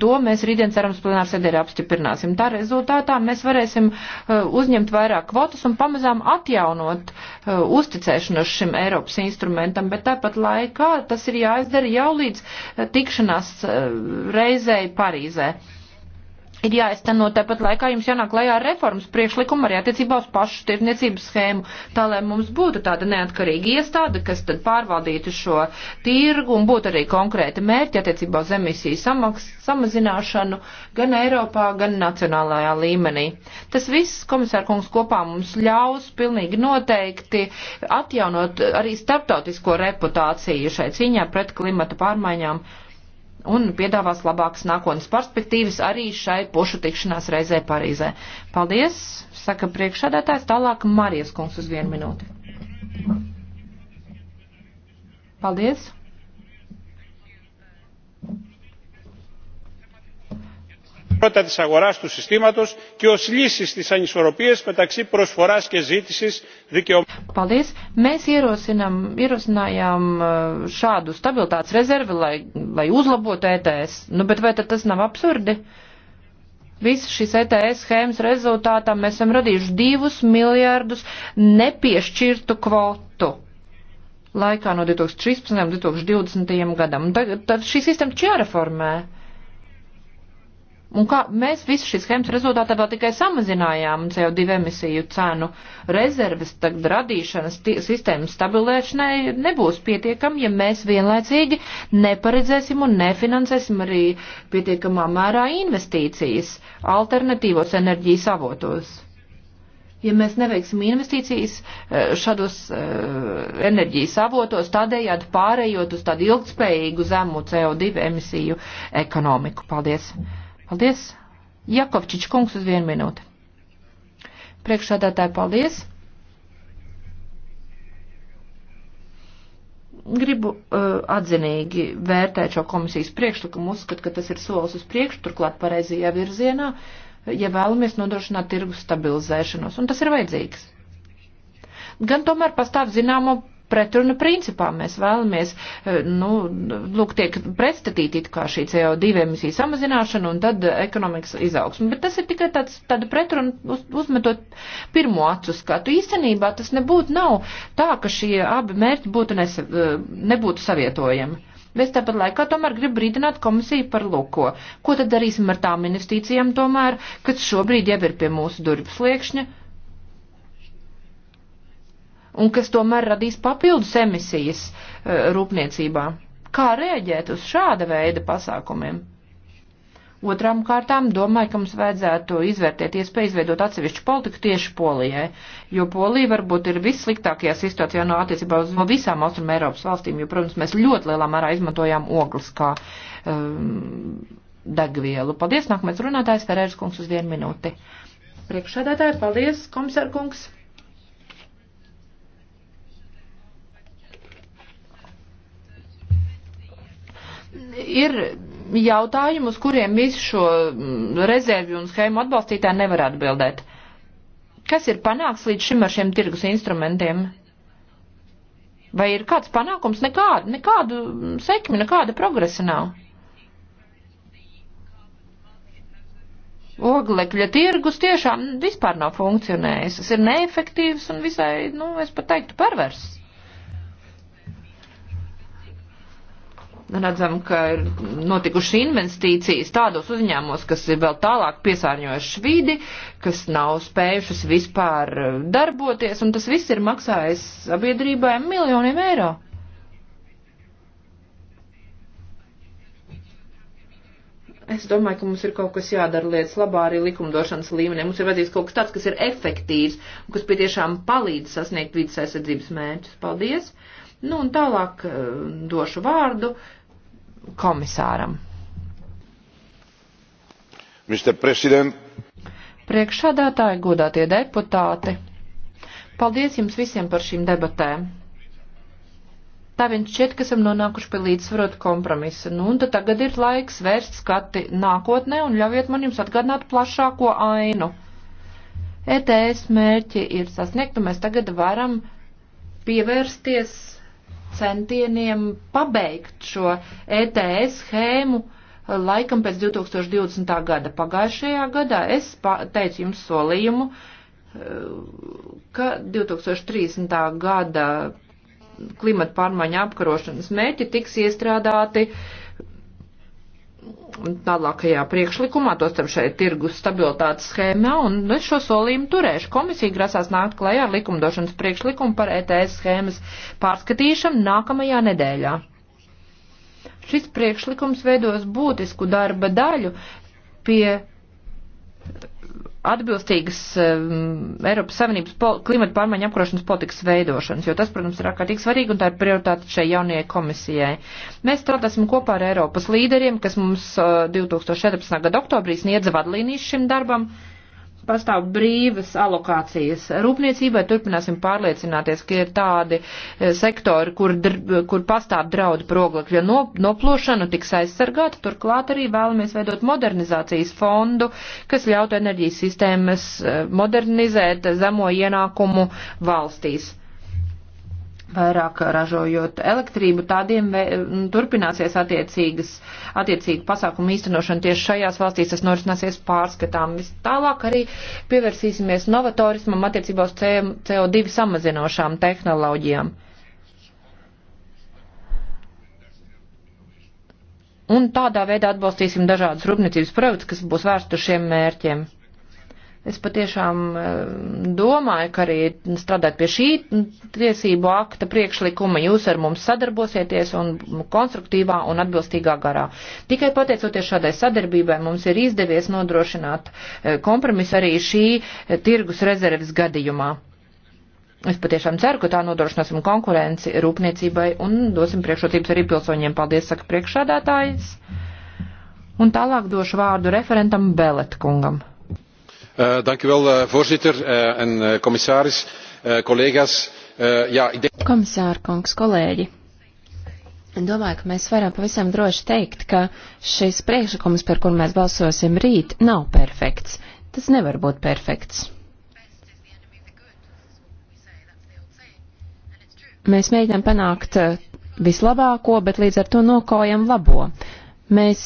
Speaker 3: To mēs rītdien cerams plenāru sēdē apstiprināsim. Tā rezultātā mēs varēsim uh, uzņemt vairāk kvotas un pamazām atjaunot uh, uzticēšanos šim Eiropas instrumentam, bet tāpat laikā tas ir jāizdara jau līdz uh, tikšanās reizei Parīzē ir jāizteno tāpat laikā jums jānāk lajā ar reformas priekšlikumu arī attiecībā uz pašu tirniecības schēmu, tā lai mums būtu tāda neatkarīga iestāde, kas tad pārvaldītu šo tirgu un būtu arī konkrēti mērķi attiecībā uz emisiju samaks, samazināšanu gan Eiropā, gan nacionālajā līmenī. Tas viss, komisārkungs, kopā mums ļaus pilnīgi noteikti atjaunot arī starptautisko reputāciju šai cīņā pret klimata pārmaiņām un piedāvās labākas nākotnes perspektīvas arī šai pušu tikšanās reizē Parīzē. Paldies, saka priekšsādātājs, tālāk Marijas kungs uz vienu minūti. Paldies!
Speaker 4: πρώτα της αγοράς του συστήματος και ως λύση στις ανισορροπίες μεταξύ προσφοράς και ζήτησης
Speaker 3: Paldies. Mēs ierosinām, ierosinājām šādu stabilitātes rezervi, lai, lai uzlabotu ETS. Nu, bet vai tad tas nav absurdi? Visas šīs ETS schēmas rezultātā mēs esam radījuši divus miljārdus nepiešķirtu kvotu laikā no 2013. un 2020. gadam. Tad, tad šī sistēma čia reformē. Un kā mēs visu šīs schēmas rezultātā vēl tikai samazinājām CO2 emisiju cenu rezerves tagad radīšanas sistēmas stabilēšanai nebūs pietiekami, ja mēs vienlaicīgi neparedzēsim un nefinansēsim arī pietiekamā mērā investīcijas alternatīvos enerģijas avotos ja mēs neveiksim investīcijas e, šādos e, enerģijas avotos, tādējādi pārējot uz tādu ilgtspējīgu zemu CO2 emisiju ekonomiku. Paldies! Paldies! Jakovčič kungs uz vienu minūti. Priekšsādātāji, paldies! gribu uh, atzinīgi vērtēt šo komisijas priekšlikumu, uzskatu, ka tas ir solis uz priekšu, turklāt pareizajā virzienā, ja vēlamies nodrošināt tirgus stabilizēšanos, un tas ir vajadzīgs. Gan tomēr pastāv zināma pretruna principā. Mēs vēlamies, e, nu, lūk, tiek pretstatīti it kā šī CO2 emisija samazināšana un tad ekonomikas izaugsme. Bet tas ir tikai tāds, tāda pretruna uz, uzmetot pirmo acu skatu. Īstenībā tas nebūtu nav tā, ka šie abi mērķi būtu nesa, e, nebūtu savietojami. Mēs tāpat laikā tomēr grib brīdināt komisiju par lūko. Ko tad darīsim ar tām investīcijām tomēr, kas šobrīd jau ir pie mūsu durvis liekšņa? un kas tomēr radīs papildus emisijas eh, rūpniecībā. Kā rēģēt uz šāda veida pasākumiem? Otrām kārtām domāju, ka mums vajadzētu izvērtēt iespēju izveidot atsevišķu politiku tieši Polijai, jo Polija varbūt ir vissliktākajā situācijā no attiecībā uz no visām Austrum Eiropas valstīm, jo, protams, mēs ļoti lielā mērā izmantojām ogles kā um, degvielu. Paldies, nākamais runātājs, Terēras kungs uz vienu minūti. Priekšsēdētāji, paldies, komisār kungs. ir jautājumi, uz kuriem visu šo mm, rezervju un schēmu atbalstītāji nevar atbildēt. Kas ir panāks līdz šim ar šiem tirgus instrumentiem? Vai ir kāds panākums? Nekādu, nekādu mm, sekmi, nekāda progresa nav. Oglekļa tirgus tiešām vispār nav funkcionējis. Tas ir neefektīvs un visai, nu, es pat teiktu, perverss. redzam, ka ir notikuši investīcijas tādos uzņēmumos, kas ir vēl tālāk piesārņojuši vidi, kas nav spējušas vispār eh, darboties, un tas viss ir maksājis sabiedrībai miljoniem eiro. Es domāju, ka mums ir kaut kas jādara lietas labā arī likumdošanas līmenī. Mums ir vajadzīgs kaut kas tāds, kas ir efektīvs un kas patiešām palīdz sasniegt vidas aizsardzības mērķus. Paldies! Nu, un tālāk eh, došu vārdu komisāram. Priekšsādātāji, godātie deputāti, paldies jums visiem par šīm debatēm. Tā viņš šķiet, ka esam nonākuši pie līdzsvarot kompromisa. Nu, un tad tagad ir laiks vērst skati nākotnē un ļaujiet man jums atgādināt plašāko ainu. ETS mērķi ir sasniegt, un mēs tagad varam pievērsties centieniem pabeigt šo ETS schēmu laikam pēc 2020. gada. Pagājušajā gadā es teicu jums solījumu, ka 2030. gada klimata pārmaiņa apkarošanas mērķi tiks iestrādāti uh, tālākajā priekšlikumā, to starp šeit tirgus stabilitātes schēmā, un es šo solījumu turēšu. Komisija grasās nākt klajā ar likumdošanas priekšlikumu par ETS schēmas pārskatīšanu nākamajā nedēļā. Šis priekšlikums veidos būtisku darba daļu pie atbilstīgas um, Eiropas Savienības pol klimata pārmaiņu apkarošanas politikas veidošanas, jo tas, protams, ir ārkārtīgi svarīgi un tā ir prioritāte šai jaunajai komisijai. Mēs strādāsim kopā ar Eiropas līderiem, kas mums uh, 2014. gada oktobrī sniedza vadlīnijas šim darbam. Uh, pastāv brīvas alokācijas. Rūpniecībai turpināsim pārliecināties, ka ir tādi eh, sektori, kur, kur pastāv draudu proglekļa no, noplošanu, tiks aizsargāti. Turklāt arī vēlamies veidot modernizācijas fondu, kas ļautu enerģijas sistēmas eh, modernizēt zemo ienākumu valstīs vairāk ražojot elektrību, tādiem turpināsies attiecīgas, attiecīgi pasākumu īstenošana tieši šajās valstīs, tas norisināsies pārskatām. Vis tālāk arī pievērsīsimies novatorismam attiecībā uz CO2 samazinošām tehnoloģijām. Un tādā veidā atbalstīsim dažādas rūpniecības projekts, kas būs vērsti uz šiem mērķiem. Es patiešām eh, domāju, ka arī strādāt pie šī tiesību akta priekšlikuma jūs ar mums sadarbosieties un konstruktīvā un atbilstīgā garā. Tikai pateicoties šādai sadarbībai mums ir izdevies nodrošināt eh, kompromisu arī šī eh, tirgus rezerves gadījumā. Es patiešām ceru, ka tā nodrošināsim konkurenci rūpniecībai un dosim priekšrocības arī pilsoņiem. Paldies, saka priekšādātājs. Un tālāk došu vārdu referentam Belet kungam.
Speaker 2: Eh, eh, voorzitter eh, commissaris collega's komisāra
Speaker 1: kungs kolēģi domāju ka mēs varam pavisam droši teikt ka šis priekšlikums par kuru mēs balsosim rīt nav perfekts tas nevar būt perfekts mēs mēģinām panākt vislabāko bet līdz ar to nokaujam labo mēs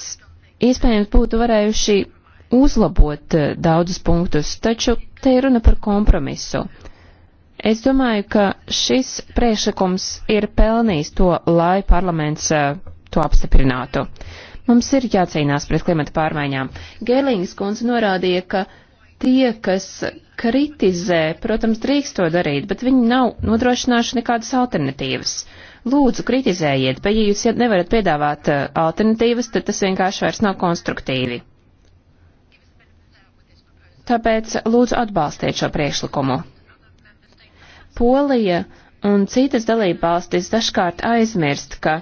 Speaker 1: iespējams būtu varējuši uzlabot eh, daudzus punktus, taču te ir runa par kompromisu. Es domāju, ka šis priekšlikums ir pelnījis to, lai parlaments eh, to apstiprinātu. Mums ir jācīnās pret klimata pārmaiņām. Gēlīngas kundze norādīja, ka tie, kas kritizē, protams, drīkst to darīt, bet viņi nav nodrošinājuši nekādas alternatīvas. Lūdzu, kritizējiet, bet ja jūs nevarat piedāvāt eh, alternatīvas, tad tas vienkārši vairs nav konstruktīvi tāpēc lūdzu atbalstiet šo priekšlikumu. Polija un citas dalībvalstis dažkārt aizmirst, ka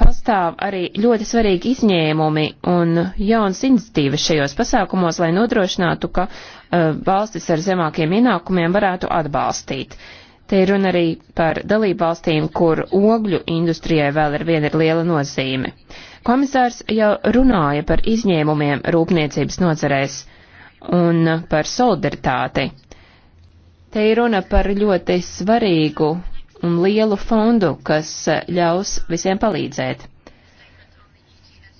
Speaker 1: pastāv arī ļoti svarīgi izņēmumi un jauns iniciatīvas šajos pasākumos, lai nodrošinātu, ka uh, valstis ar zemākiem ienākumiem varētu atbalstīt. Te ir runa arī par dalībvalstīm, kur ogļu industrijai vēl ar vienu ir liela nozīme. Uh, Komisārs jau runāja par izņēmumiem rūpniecības nozarēs un par solidaritāti. Te ir runa par ļoti svarīgu un lielu fondu, kas ļaus visiem palīdzēt.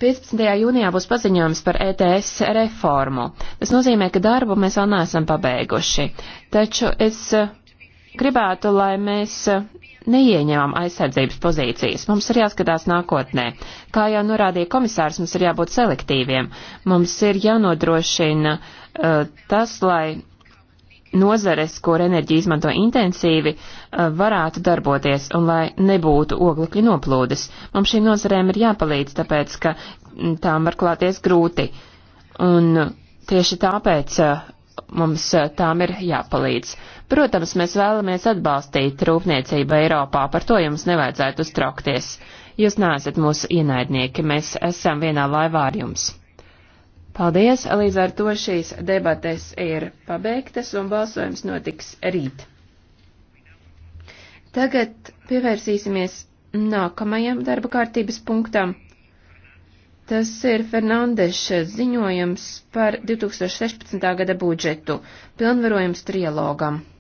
Speaker 1: 15. jūnijā būs paziņojums par ETS reformu. Tas nozīmē, ka darbu mēs vēl neesam pabeiguši. Taču es gribētu, lai mēs neieņemam aizsardzības pozīcijas. Mums ir jāskatās nākotnē. Kā jau norādīja komisārs, mums ir jābūt selektīviem. Mums ir jānodrošina uh, tas, lai nozares, kur enerģija izmanto intensīvi, uh, varētu darboties un lai nebūtu oglekļu noplūdes. Mums šīm nozarēm ir jāpalīdz, tāpēc, ka mm, tām var klāties grūti. Un tieši tāpēc uh, mums uh, tām ir jāpalīdz. Protams, mēs vēlamies atbalstīt rūpniecību Eiropā, par to jums nevajadzētu uztraukties. Jūs neesat mūsu ienaidnieki, mēs esam vienā laivā ar jums. Paldies, līdz ar to šīs debates ir pabeigtas un balsojums notiks rīt. Tagad pievērsīsimies nākamajam darba kārtības punktam. Tas ir Fernandeša ziņojums par 2016. gada budžetu, pilnvarojums trialogam.